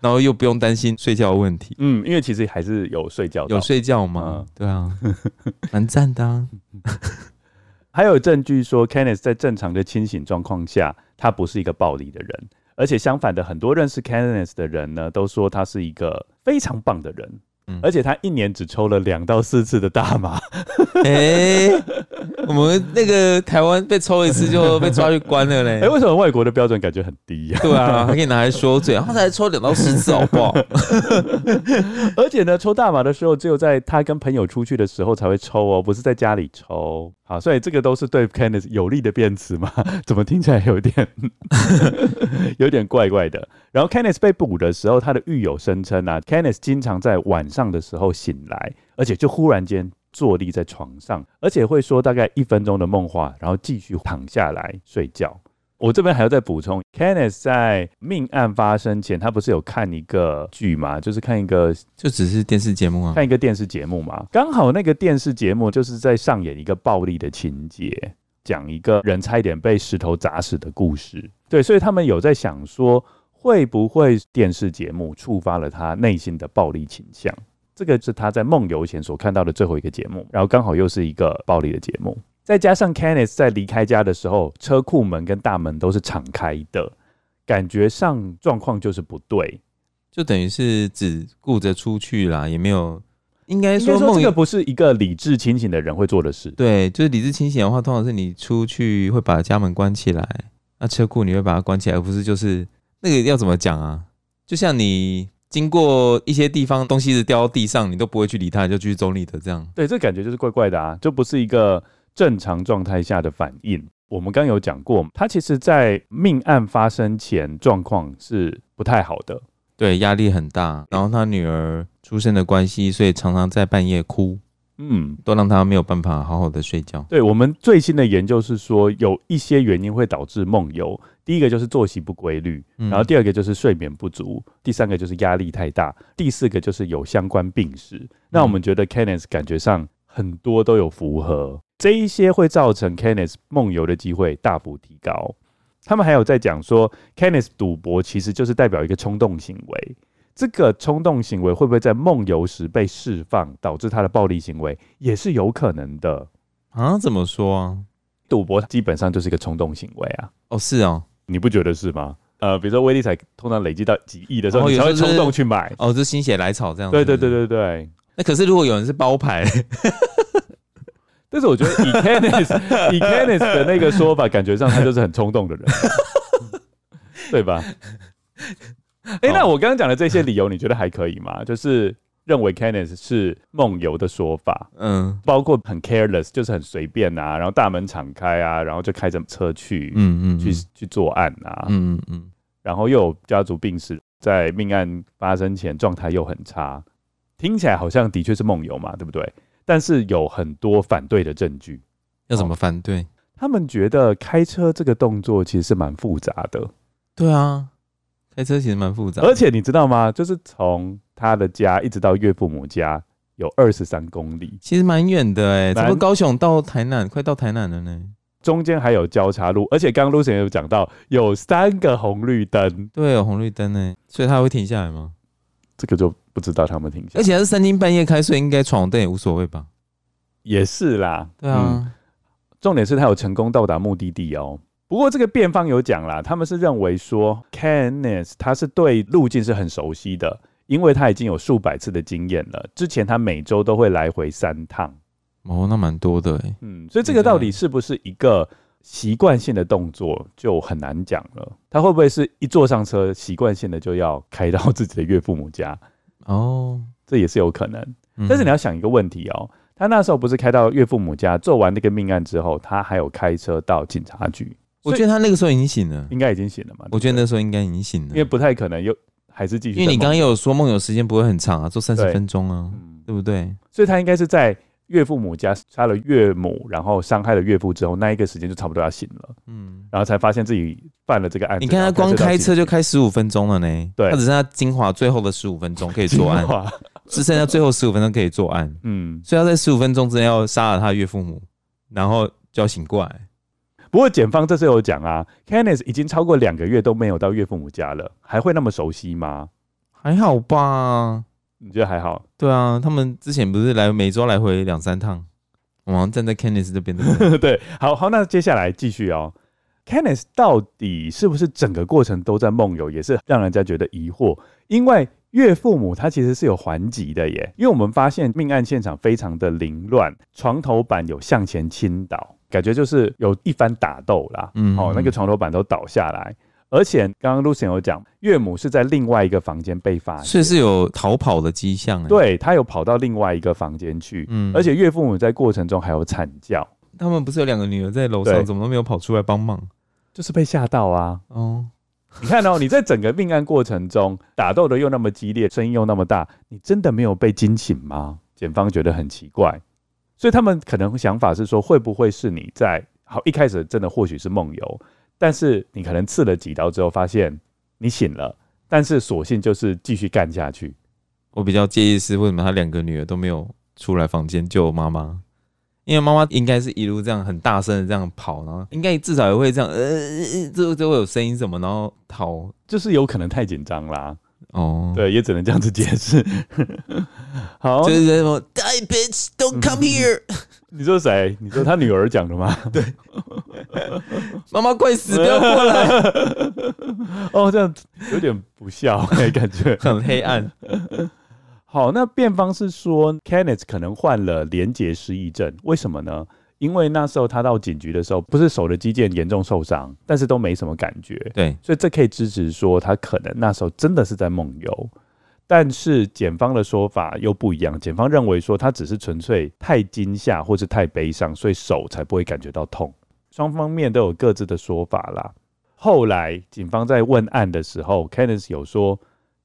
然後又不用擔心睡覺的問題。 *laughs* 嗯，因為其實還是有睡覺的，有睡覺嘛，嗯，對啊，蠻 *laughs* 讚的，啊。 *laughs* 還有證據說，Kenneth 在正常的清醒狀況下，他不是一個暴力的人，而且相反的，很多認識 Kenneth 的人呢，都說他是一個非常棒的人。而且他一年只抽了兩到四次的大麻、欸。哎， *laughs* 我們那個台灣被抽一次就被抓去關了嘞。哎、欸，為什麼外國的標準感覺很低呀、啊？對啊，還可以拿來說嘴，他才抽兩到四次好不好？ *laughs* 而且呢，抽大麻的時候只有在他跟朋友出去的時候才會抽哦，不是在家裡抽。好，所以這個都是對 Kenneth 有利的辯詞嗎？怎麼聽起來有點 *laughs* 有點怪怪的？然後 Kenneth 被捕的時候，他的獄友聲稱啊 Kenneth *laughs* 經常在晚上。上的時候醒來，而且就忽然間坐立在床上，而且會說大概一分鐘的夢話，然後繼續躺下來睡覺。我這邊還要再補充，Kenneth 在命案發生前，他不是有看一個劇嗎？就是看一個，就只是電視節目啊，看一個電視節目嘛。剛好那個電視節目就是在上演一個暴力的情節，講一個人差一點被石頭砸死的故事。對，所以他們有在想說，會不會電視節目觸發了他內心的暴力傾向？這個是他在夢遊前所看到的最後一個節目，然後剛好又是一個暴力的節目，再加上 Kenneth 在離開家的時候，車庫門跟大門都是敞開的，感覺上狀況就是不對，就等於是只顧着出去啦，也沒有應該說,夢遊,應該說這個不是一個理智清醒的人會做的事。對，就是理智清醒的話，通常是你出去會把家門關起來，那車庫你會把它關起來，而不是就是那個要怎麼講啊？就像你。經過一些地方東西一直掉到地上，你都不會去理他，你就繼續走你的這樣。對，這感覺就是怪怪的啊，就不是一個正常狀態下的反應。我們剛剛有講過，他其實在命案發生前狀況是不太好的，對，壓力很大。然後他女兒出生的關係，所以常常在半夜哭。嗯，都讓他沒有辦法好好的睡覺。對，我們最新的研究是說，有一些原因會導致夢遊。第一個就是作息不規律、嗯，然後第二個就是睡眠不足，第三個就是壓力太大，第四個就是有相關病史。嗯、那我們覺得 Kenneth 感覺上很多都有符合這一些，會造成 Kenneth 夢遊的機會大幅提高。他們還有在講說，Kenneth 賭、嗯、博其實就是代表一個衝動行為。這個衝動行為會不會在夢遊時被釋放，導致他的暴力行為也是有可能的啊？怎麼說啊？賭博基本上就是一個衝動行為啊。哦，是哦，你不覺得是嗎？呃，比如說威力彩通常累積到幾億的時候，哦、你才會衝動去買，哦，就是、心血來潮這樣是是。對對對對對。那、欸、可是如果有人是包牌， *laughs* *laughs* 但是我覺得以 Kenneth *laughs* 以 Kenneth 的那個說法， *laughs* 感覺上他就是很衝動的人， *laughs* 對吧？哎、欸，那我剛剛講的這些理由，你覺得還可以嗎？ *laughs* 就是認為 Kenneth 是夢遊的說法，嗯，包括很 careless，就是很隨便啊，然後大門敞開啊，然後就開着車去，嗯嗯，嗯，去去作案啊，嗯，嗯嗯，然後又有家族病史，在命案發生前狀態又很差，聽起來好像的確是夢遊嘛，對不對？但是有很多反對的證據，要怎麼反對？哦、他們覺得開車這個動作其實是蠻複雜的，對啊。開車其實蠻複雜的，而且你知道嗎？就是從他的家一直到岳父母家有二十三公里，其實蠻遠的欸。怎麼高雄到台南，快到台南了呢。中間還有交叉路，而且剛剛 Lucien 也有講到，有三個紅綠燈。對，有紅綠燈呢，所以他會停下來嗎？這個就不知道他們停下來。而且他是三更半夜開睡，應該闖燈也無所謂吧？也是啦，對啊。嗯，重點是他有成功到達目的地哦。不過這個辯方有講啦，他們是認為說，Kenneth 他是對路徑是很熟悉的，因為他已經有數百次的經驗了。之前他每周都會來回三趟，哦，那蠻多的。嗯，所以這個到底是不是一個習慣性的動作，就很難講了。他會不會是一坐上車，習慣性的就要開到自己的岳父母家？哦，這也是有可能。但是你要想一個問題哦，嗯、他那時候不是開到岳父母家，做完那個命案之後，他還有開車到警察局。我覺得他那個時候已經醒了，應該已經醒了嘛？我覺得那時候應該已經醒了，因為不太可能又還是繼續。因為你剛剛有說夢遊時間不會很長啊，做三十分鐘啊，對不對？所以他應該是在岳父母家殺了岳母，然後傷害了岳父之後，那一個時間就差不多要醒了，嗯，然後才發現自己犯了這個案。你看他光開車就開十五分鐘了呢，對，他只剩下精華最後的十五分鐘可以作案，只剩下最後十五分鐘可以作案，嗯，所以他在十五分鐘之內要殺了他的岳父母，然後就要醒過來。不過檢方這次有講啊 Kenneth 已經超過兩個月都沒有到岳父母家了，還會那麼熟悉嗎？還好吧，你覺得還好？對啊，他們之前不是來每周來回兩三趟？我們站在 Kenneth 這邊的， *laughs* 對，好好，那接下來繼續哦。Kenneth 到底是不是整個過程都在夢遊，也是讓人家覺得疑惑，因為。岳父母他其實是有還擊的耶，因為我們發現命案現場非常的凌亂，床頭板有向前傾倒，感覺就是有一番打鬥啦。嗯，哦，那個床頭板都倒下來，而且剛剛 Lucy 有講，岳母是在另外一個房間被發現，所以是有逃跑的跡象。對，他有跑到另外一個房間去，嗯，而且岳父母在過程中還有慘叫。他們不是有兩個女兒在樓上，怎麼都沒有跑出來幫忙？就是被嚇到啊。哦。 *laughs* 你看哦，你在整個命案過程中打鬥的又那麼激烈，聲音又那麼大，你真的沒有被驚醒嗎？檢方覺得很奇怪，所以他們可能想法是說，會不會是你在，好，一開始真的或許是夢遊，但是你可能刺了幾刀之後發現你醒了，但是索性就是繼續幹下去。我比較介意是為什麼他兩個女兒都沒有出來房間救媽媽。因為媽媽應該是一路這樣很大聲的這樣跑、啊，然後應該至少也會這樣，呃，就就會有聲音什麼，然後逃，就是有可能太緊張啦。哦，對，也只能這樣子解釋。 *laughs* 好，就對對對，Die bitch，don't come here、嗯。你說誰？你說他女兒講的嗎？對， *laughs* 媽媽快死，不要過來。哦，這樣有點不孝笑、哎，感覺很黑暗。好，那辯方是說，Kenneth 可能患了連結失憶症，為什麼呢？因為那時候他到警局的時候，不是手的肌腱嚴重受傷，但是都沒什麼感覺。對，所以這可以支持說他可能那時候真的是在夢遊。但是檢方的說法又不一樣，檢方認為說他只是純粹太驚嚇或是太悲傷，所以手才不會感覺到痛。雙方面都有各自的說法啦。後來警方在問案的時候 *noise* ，Kenneth 有說。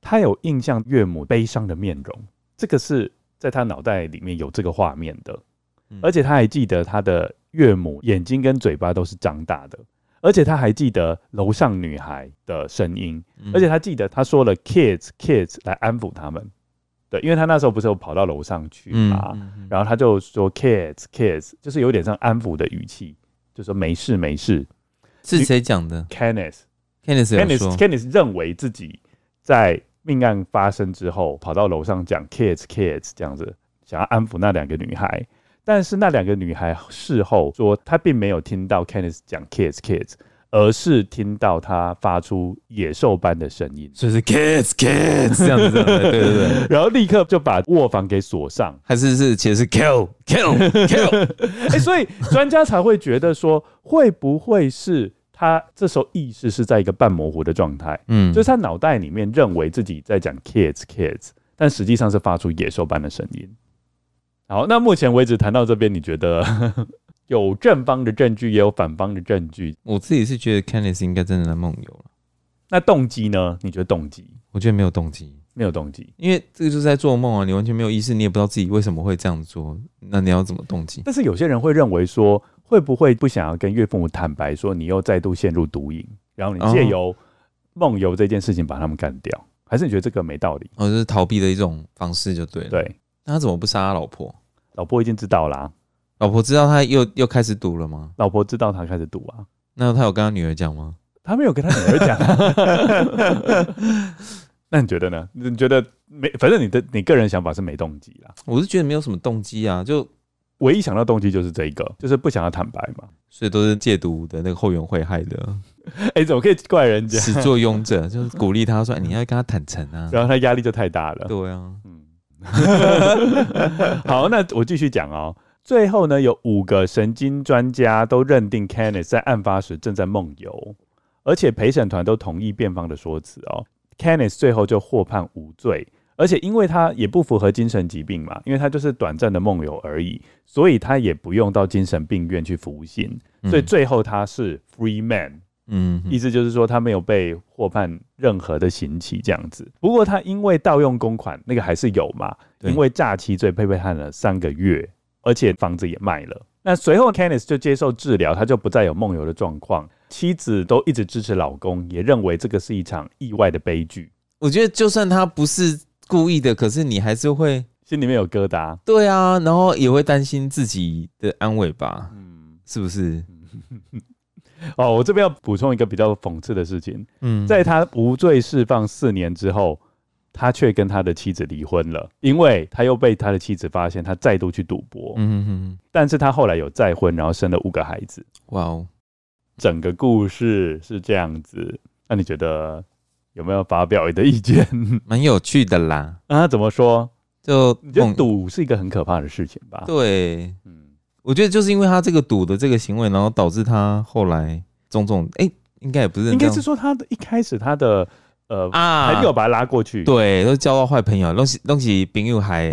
他有印象岳母悲傷的面容，這個是在他腦袋裡面有這個畫面的，嗯、而且他還記得他的岳母眼睛跟嘴巴都是張大的，而且他還記得樓上女孩的聲音，嗯，而且他記得他說了 “kids kids” 來安撫他們，對，因為他那時候不是有跑到樓上去嘛，啊嗯嗯嗯，然後他就說 “kids kids”，就是有點像安撫的語氣，就說沒事沒事，是誰講的？Kenneth，Kenneth，Kenneth，Kenneth 認為自己在。命案發生之後，跑到樓上講 kids kids 這樣子，想要安撫那兩個女孩，但是那兩個女孩事後說，她並沒有聽到 Kenneth 講 kids kids，而是聽到他發出野獸般的聲音，所以是 kids kids 這樣子，這樣子， *laughs* 對，對對對，然後立刻就把臥房給鎖上，還是是其實是 kill kill kill，哎、 *laughs* 欸，所以專家才會覺得說，會不會是？他、啊、這時候意識是在一個半模糊的狀態，嗯，就是他腦袋裡面認為自己在講 kids kids，但實際上是發出野獸般的聲音。好，那目前為止談到這邊，你覺得 *laughs* 有正方的證據，也有反方的證據？我自己是覺得 Kenneth 應該真的在夢遊了。那動機呢？你覺得動機？我覺得沒有動機，沒有動機，因為這個就是在做夢啊，你完全沒有意識，你也不知道自己為什麼會這樣做。那你要怎麼動機？但是有些人會認為說。會不會不想要跟岳父母坦白說，你又再度陷入毒癮，然後你借由夢遊這件事情把他們幹掉，還是你覺得這個沒道理？哦，就是逃避的一種方式就對了。對，那他怎麼不殺他老婆？老婆已經知道啦啊，老婆知道他又又開始賭了嗎？老婆知道他開始賭啊。那他有跟他女兒講嗎？他沒有跟他女兒講。 *laughs* *laughs* *laughs* 那你覺得呢？你覺得沒？反正你的你個人想法是沒動機啦。我是覺得沒有什麼動機啊，就。唯一想到的動機就是這一個，就是不想要坦白嘛，所以都是戒毒的那個後援會害的。哎、欸，怎麼可以怪人家？始作俑者就是鼓勵他說：“你、嗯、欸、你要跟他坦誠啊。”然後他壓力就太大了。對啊，嗯， *laughs* *laughs* 好，那我繼續講哦。最後呢，有五個神經專家都認定 Kenneth 在案發時正在夢遊，而且陪審團都同意辯方的說辭哦。Kenneth 最後就獲判無罪。而且，因為他也不符合精神疾病嘛，因為他就是短暫的夢遊而已，所以他也不用到精神病院去服刑，所以最後他是 free man，嗯，意思就是說他沒有被獲判任何的刑期這樣子。不過他因為盜用公款，那個還是有嘛，因為詐欺罪被判了三個月，而且房子也賣了。那隨後 Kenneth 就接受治療，他就不再有夢遊的狀況。妻子都一直支持老公，也認為這個是一場意外的悲劇。我覺得，就算他不是。故意的，可是你還是會心裡面有疙瘩，對啊，然後也會擔心自己的安危吧，嗯，是不是？哦，我這邊要補充一個比較諷刺的事情，嗯，在他無罪釋放四年之後，他卻跟他的妻子離婚了，因為他又被他的妻子發現他再度去賭博，嗯哼，但是他後來有再婚，然後生了五個孩子，哇哦，整個故事是這樣子，那、啊、你覺得？有沒有發表你的意見？蠻有趣的啦！啊，怎麼說？就你覺得賭是一個很可怕的事情吧？對，嗯，我覺得就是因為他這個賭的這個行為，然後導致他後來種種、欸。誒應該也不是，應該是說他的一開始他的呃啊，朋友把他拉過去，對，都是交到壞朋友，東西東西，並又還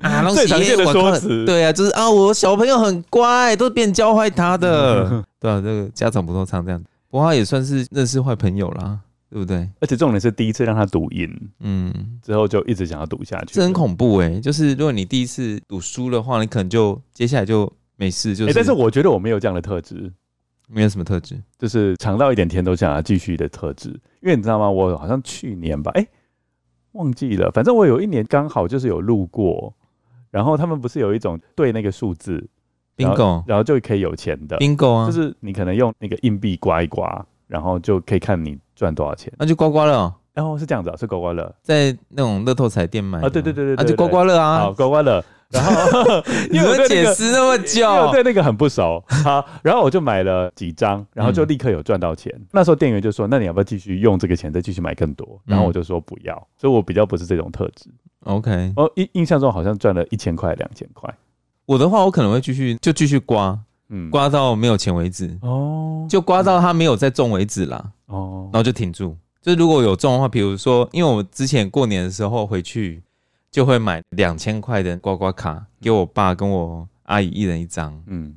啊，最常見的說辭，對啊，就是啊，我小朋友很乖，都是變教壞他的， *laughs* 對啊，這個家長不都常這樣子，不過他也算是認識壞朋友啦。對不對？而且重點是，第一次讓他賭贏，嗯，之後就一直想要賭下去，這很恐怖哎、欸！就是如果你第一次賭輸的話，你可能就接下來就沒事，就是、欸……但是我覺得我沒有這樣的特質、嗯，沒有什麼特質，就是嘗到一點甜都想要繼續的特質。因為你知道嗎？我好像去年吧，哎、欸，忘記了，反正我有一年剛好就是有路過，然後他們不是有一種對那個數字然後 bingo，然後就可以有錢的 bingo 啊，就是你可能用那個硬幣刮一刮，然後就可以看你。賺多少錢？那、啊、就刮刮樂、哦，然、哦、後是這樣子啊，是刮刮樂，在那種樂透彩店買啊，對對對那、啊、就刮刮樂啊，好刮刮樂， *laughs* 然後你們、 *laughs* 那個、解釋那麼久？對那個很不熟。好、 *laughs* 啊，然後我就買了幾張，然後就立刻有賺到錢、嗯。那時候店員就說：“那你要不要繼續用這個錢再繼續買更多、嗯？”然後我就說：“不要。”所以，我比較不是這種特質。OK，、嗯、哦，印、嗯、印象中好像賺了一千塊、兩千塊。我的話，我可能會繼續就繼續刮，嗯，刮到沒有錢為止哦、嗯，就刮到它沒有再中為止啦。嗯哦，然後就挺住。就如果有中的話，比如說，因為我之前過年的時候回去，就會買兩千塊的刮刮卡，給我爸跟我阿姨一人一張，嗯，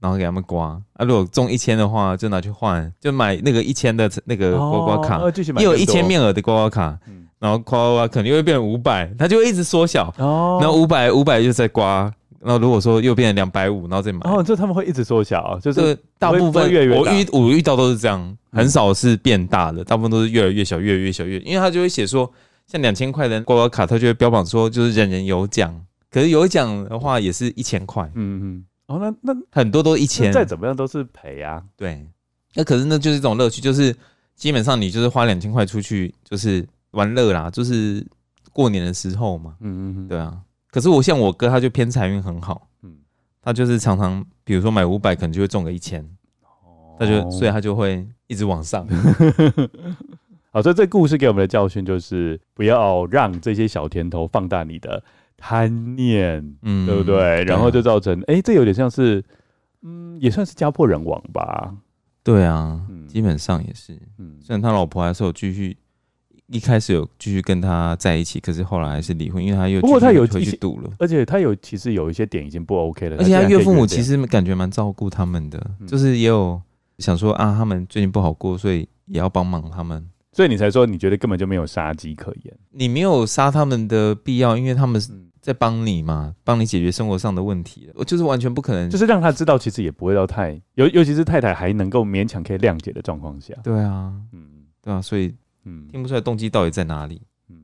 然後給他們刮。啊，如果中一千的話，就拿去換，就買那個一千的那個刮刮卡，又、哦、有一千面額的刮刮卡，然後刮刮刮肯定會變五百，它就會一直縮小，然後 500, 500。哦，那五百五百就再刮。那如果說又變成兩百五，然後再買，哦，就他們會一直縮小，就是大部分越越大我遇我遇到都是這樣，很少是變大的，嗯、大部分都是越來越小，越來越小越。因為他就會寫說，像兩千塊的刮刮卡，他就會標榜說就是人人有獎，可是有獎的話也是一千塊，嗯嗯，然、哦、那那很多都一千，再怎麼樣都是賠啊。對，那可是那就是一種樂趣，就是基本上你就是花兩千塊出去就是玩樂啦，就是過年的時候嘛，嗯嗯嗯，對啊。可是我像我哥，他就偏財運很好，嗯，他就是常常比如說買五百，可能就會中個一千，他就所以他就會一直往上。 *laughs* *laughs* 好，所以這故事給我們的教訓就是不要讓這些小甜頭放大你的貪念，嗯，對不對？然後就造成，哎、啊欸，這有點像是，嗯，也算是家破人亡吧。對啊，嗯、基本上也是。雖然他老婆還是有繼續。一開始有繼續跟他在一起，可是後來還是離婚，因為他又去，不過他有繼續賭了，而且他有其實有一些點已經不 OK 了。而且他岳父母其實感覺蠻照顧他們的，嗯，就是也有想說啊，他們最近不好過，所以也要幫忙他們。所以你才說你覺得根本就沒有殺機可言，你沒有殺他們的必要，因為他們在幫你嘛，幫你解決生活上的問題，我就是完全不可能，就是讓他知道其實也不會到太尤，尤其是太太還能夠勉強可以諒解的狀況下。對啊，嗯，對啊，所以。嗯，聽不出來動機到底在哪裡？嗯，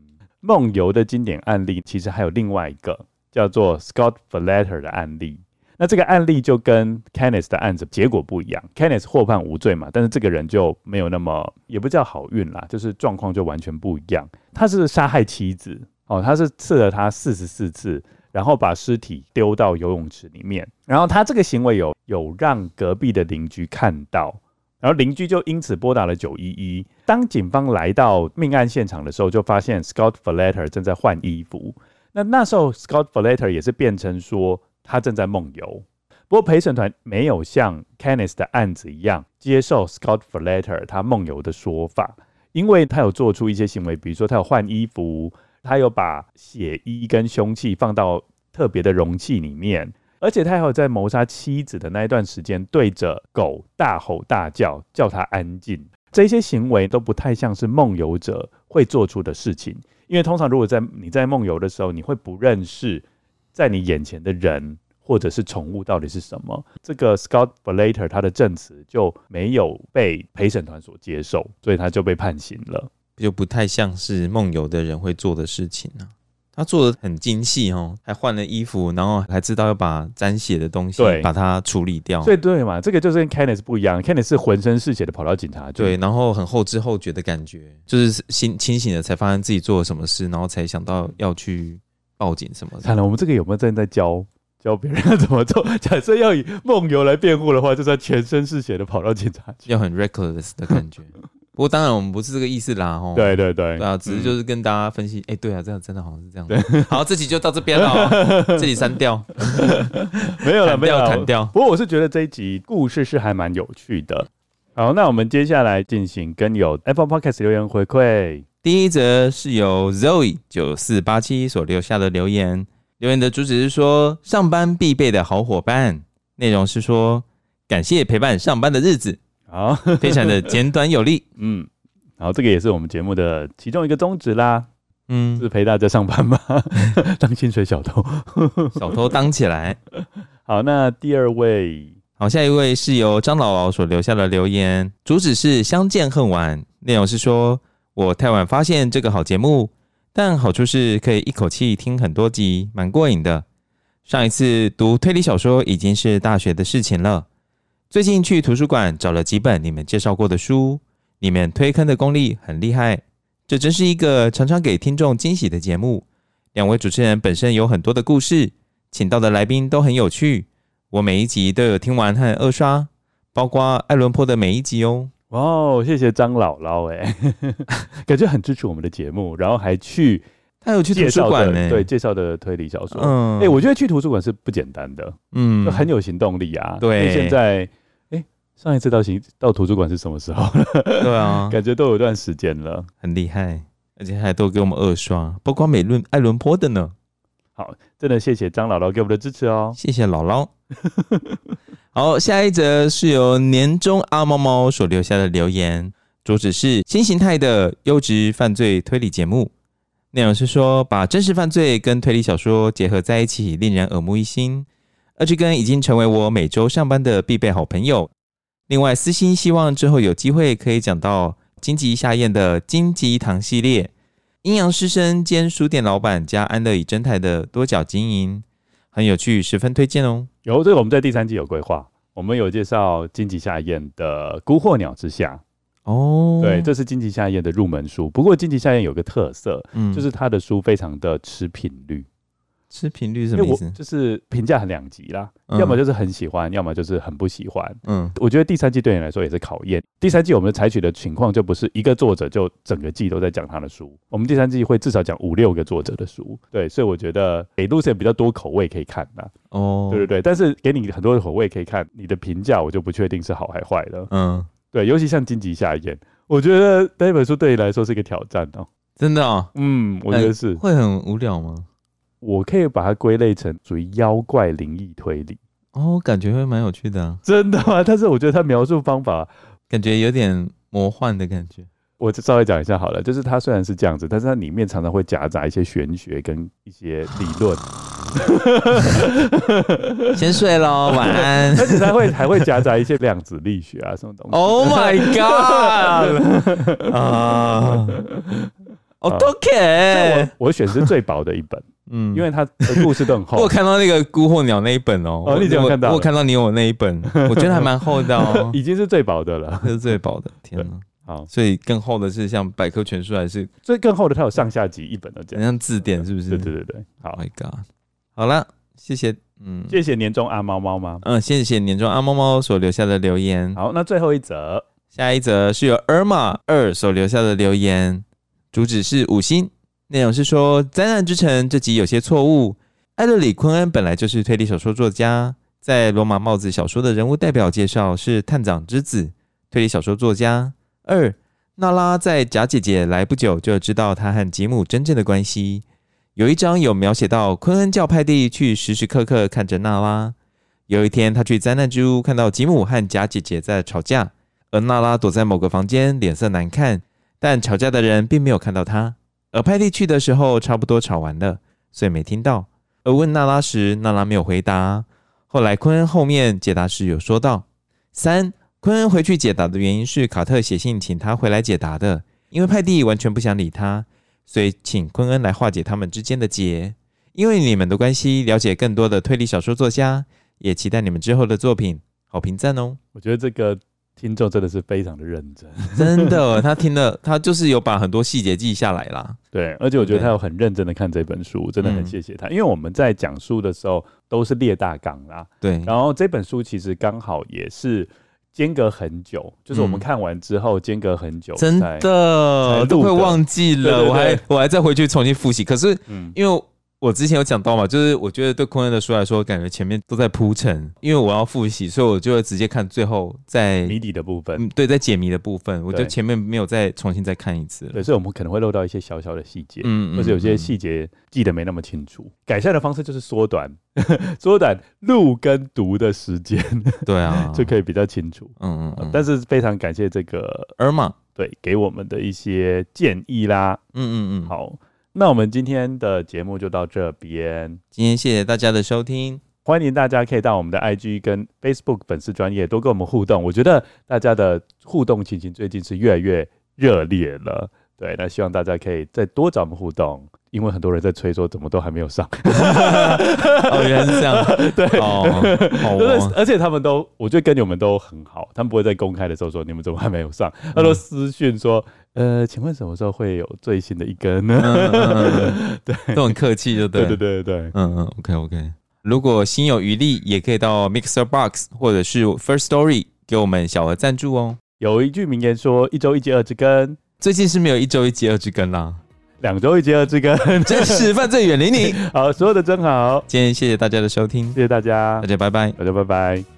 夢、嗯、遊的經典案例其實還有另外一個，叫做 Scott Falater 的案例。那這個案例就跟 Kenneth 的案子結果不一樣。Kenneth、嗯、獲判無罪嘛，但是這個人就沒有那麼也不叫好運啦，就是狀況就完全不一樣。他是殺害妻子，哦，他是刺了她四十四次，然後把屍體丟到游泳池裡面。然後他這個行為有有讓隔壁的鄰居看到。然後鄰居就因此撥打了九一一。當警方來到命案現場的時候，就發現 Scott Falater 正在換衣服。那那時候，Scott Falater 也是變成說他正在夢遊。不過陪審團沒有像 Kenneth 的案子一樣接受 Scott Falater 他夢遊的說法，因為他有做出一些行為，比如說他有換衣服，他有把血衣跟兇器放到特別的容器裡面。而且他還有在謀殺妻子的那一段時間，對着狗大吼大叫，叫他安靜，這些行為都不太像是夢遊者會做出的事情。因為通常如果在你在夢遊的時候，你會不認識在你眼前的人或者是寵物到底是什麼。這個 Scott Falater 他的證詞就沒有被陪審團所接受，所以他就被判刑了，就不太像是夢遊的人會做的事情呢、啊。他做的很精細哦，還換了衣服，然後還知道要把沾血的東西把它處理掉。對對嘛，這個就是跟 Kenneth 不一樣，Kenneth 是渾身是血的跑到警察局，對，然後很後知後覺的感覺，就是清清醒了才發現自己做了什麼事，然後才想到要去報警什麼的。看來我們這個有沒有真的在教教別人要怎麼做？假設要以夢遊來辯護的話，就算全身是血的跑到警察局，要很 reckless 的感覺。 *laughs* 不過當然，我們不是這個意思啦，吼。對對對，啊，只是就是跟大家分析，哎、嗯欸，對啊，這樣真的好像是這樣子對。好，這集就到這邊了， *laughs* 自己刪刪掉， *laughs* 掉，沒有了，沒有了，掉。不過我是覺得這一集故事是還蠻有趣的。好，那我們接下來進行根友 Apple Podcast 留言回饋。第一則是由 Zoe 九四八七所留下的留言，留言的主旨是說上班必備的好伙伴，內容是說感謝陪伴上班的日子。好，非常的簡短有力。 *laughs* 嗯，好，這個也是我們節目的其中一個宗旨啦。嗯，是陪大家上班吧？ *laughs* 當薪水小偷， *laughs* 小偷當起來。好，那第二位，好，下一位是由張姥姥所留下的留言，主旨是相見恨晚，內容是說我太晚發現這個好節目，但好處是可以一口氣聽很多集，蠻過癮的。上一次讀推理小說已經是大學的事情了。最近去圖書館找了幾本你們介紹過的書，裡面推坑的功力很厲害。這真是一個常常給聽眾驚喜的節目。兩位主持人本身有很多的故事，請到的來賓都很有趣。我每一集都有聽完和二刷，包括愛倫坡的每一集哦。哇、哦，謝謝張姥姥哎， *laughs* 感覺很支持我們的節目，然後還去他有去圖書館欸，對，介紹的推理小說。嗯、欸，我覺得去圖書館是不簡單的，嗯，就很有行動力啊。對、嗯，現在。上一次到行到圖書館是什麼時候了？對啊，感覺都有段時間了，很厲害，而且還都給我們二刷，包括美輪愛倫坡的呢。好，真的謝謝張姥姥給我們的支持哦，謝謝姥姥。 *laughs* 好，下一則是由年終阿貓貓所留下的留言，主旨是新形態的優質犯罪推理節目，內容是說把真實犯罪跟推理小說結合在一起，令人耳目一新，而這根已經成為我每周上班的必備好朋友。另外，私心希望之後有機會可以講到京極夏彥的《京極堂》系列，《陰陽師》生兼書店老闆加安樂椅偵探的多角經營，很有趣，十分推薦哦。有這我們在第三季有規劃，我們有介紹京極夏彥的《姑獲鳥之夏》哦。對，這是京極夏彥的入門書。不過，京極夏彥有個特色，就是他的書非常的持平率。嗯吃頻率是什麼意思？因為我就是評價很兩極啦、嗯，要麼就是很喜歡，要麼就是很不喜歡。嗯，我覺得第三季對你來說也是考驗。第三季我們採取的情況就不是一個作者就整個季都在講他的書，我們第三季會至少講五六個作者的書。對，所以我覺得給 Lucien 比較多口味可以看吶。哦，對對對，但是給你很多口味可以看，你的評價我就不確定是好還是壞的。嗯，對，尤其像《荊棘下》一件，我覺得那本書對你來說是一個挑戰哦、喔。真的啊、哦？嗯、欸，我覺得是。會很無聊嗎？我可以把它歸類成屬於妖怪靈異推理哦，感覺會蠻有趣的真的嗎、啊？但是我覺得它描述方法感覺有點魔幻的感覺。我就稍微講一下好了，就是它雖然是這樣子，但是它裡面常常會夾雜一些玄學跟一些理論。 *laughs* *laughs* 先睡咯，晚安。而且它還會還會夾雜一些量子力學啊什麼東西。Oh my god！啊、 *laughs* uh,，OK，我我選的是最薄的一本。嗯，因為他的故事都很厚。我 *laughs* 看到那個《孤惑鳥》那一本哦，哦，你怎麼看到我有？我看到你有那一本， *laughs* 我覺得還蠻厚的哦。 *laughs* 已經是最薄的了， *laughs* 是最薄的。天哪，好，所以更厚的是像百科全書，還是最更厚的？它有上下集一本的，很像字典是不是？對對對對。好，Oh my God，好了，謝謝，嗯，謝謝年終阿貓貓嗎？嗯，謝謝年終阿貓貓所留下的留言。好，那最後一則，下一則是由爾瑪二所留下的留言，主旨是五星。內容是說，《災難之城》這集有些錯誤。艾德里·昆恩本來就是推理小說作家，在《羅馬帽子》小說的人物代表介紹是探長之子，推理小說作家。二，娜拉在假姐姐來不久就知道她和吉姆真正的關係。有一章有描寫到，昆恩叫派蒂去時時刻刻看着娜拉。有一天，他去災難之屋，看到吉姆和假姐姐在吵架，而娜拉躲在某個房間，臉色難看，但吵架的人並沒有看到他。而派蒂去的時候，差不多吵完了，所以沒聽到。而問娜拉時，娜拉沒有回答。後來昆恩後面解答時有說到：三，昆恩回去解答的原因是卡特寫信請他回來解答的，因為派蒂完全不想理他，所以請昆恩來化解他們之間的結。因為你們的關係，了解更多的推理小說作家，也期待你們之後的作品，好評讚哦。我覺得這個。聽眾真的是非常的認真， *laughs* 真的，他聽了，他就是有把很多細節記下來啦。對，而且我覺得他有很認真的看這本書，嗯、真的很謝謝他。因為我們在講書的時候都是列大綱啦，對。然後這本書其實剛好也是間隔很久，嗯，就是我們看完之後間隔很久，真的都快忘記了。對對對，我還我還再回去重新復習，可是因為。我之前有講到嘛，就是我覺得對昆恩的書來說，感覺前面都在鋪陳，因為我要複習，所以我就會直接看最後在謎底的部分。嗯、對，在解謎的部分，我就前面沒有再重新再看一次，對，所以我們可能會漏到一些小小的細節，嗯，或者有些細節記得沒那麼清楚。嗯嗯、改善的方式就是縮短縮短錄跟讀的時間，對啊，就可以比較清楚，嗯嗯，嗯。但是非常感謝這個爾瑪對給我們的一些建議啦，嗯嗯嗯，好。那我們今天的節目就到這邊。今天謝謝大家的收聽，歡迎大家可以到我們的 IG 跟 Facebook 粉絲專頁多跟我們互動。我覺得大家的互動情形最近是越來越熱烈了。對，那希望大家可以再多找我們互動，因為很多人在催說怎麼都還沒有上、 *laughs* *laughs* 哦。原來是這樣， *laughs* 對，哦， *laughs* 而且他們都，我覺得跟你們都很好，他們不會在公開的時候說你們怎麼還沒有上，他都私訊說私訊說。呃，請問什麼時候會有最新的一根呢？嗯嗯嗯嗯。對，都很客氣，就對。對對對對，嗯嗯，OK OK。如果心有餘力，也可以到 Mixer Box 或者是 First Story 給我們小額贊助哦。有一句名言說“一周一集惡之根”，最近是沒有一周一集惡之根啦，兩周一集惡之根，真實犯罪遠離你。 *laughs* 好，說的真好。今天謝謝大家的收聽，謝謝大家，大家拜拜，大家拜拜。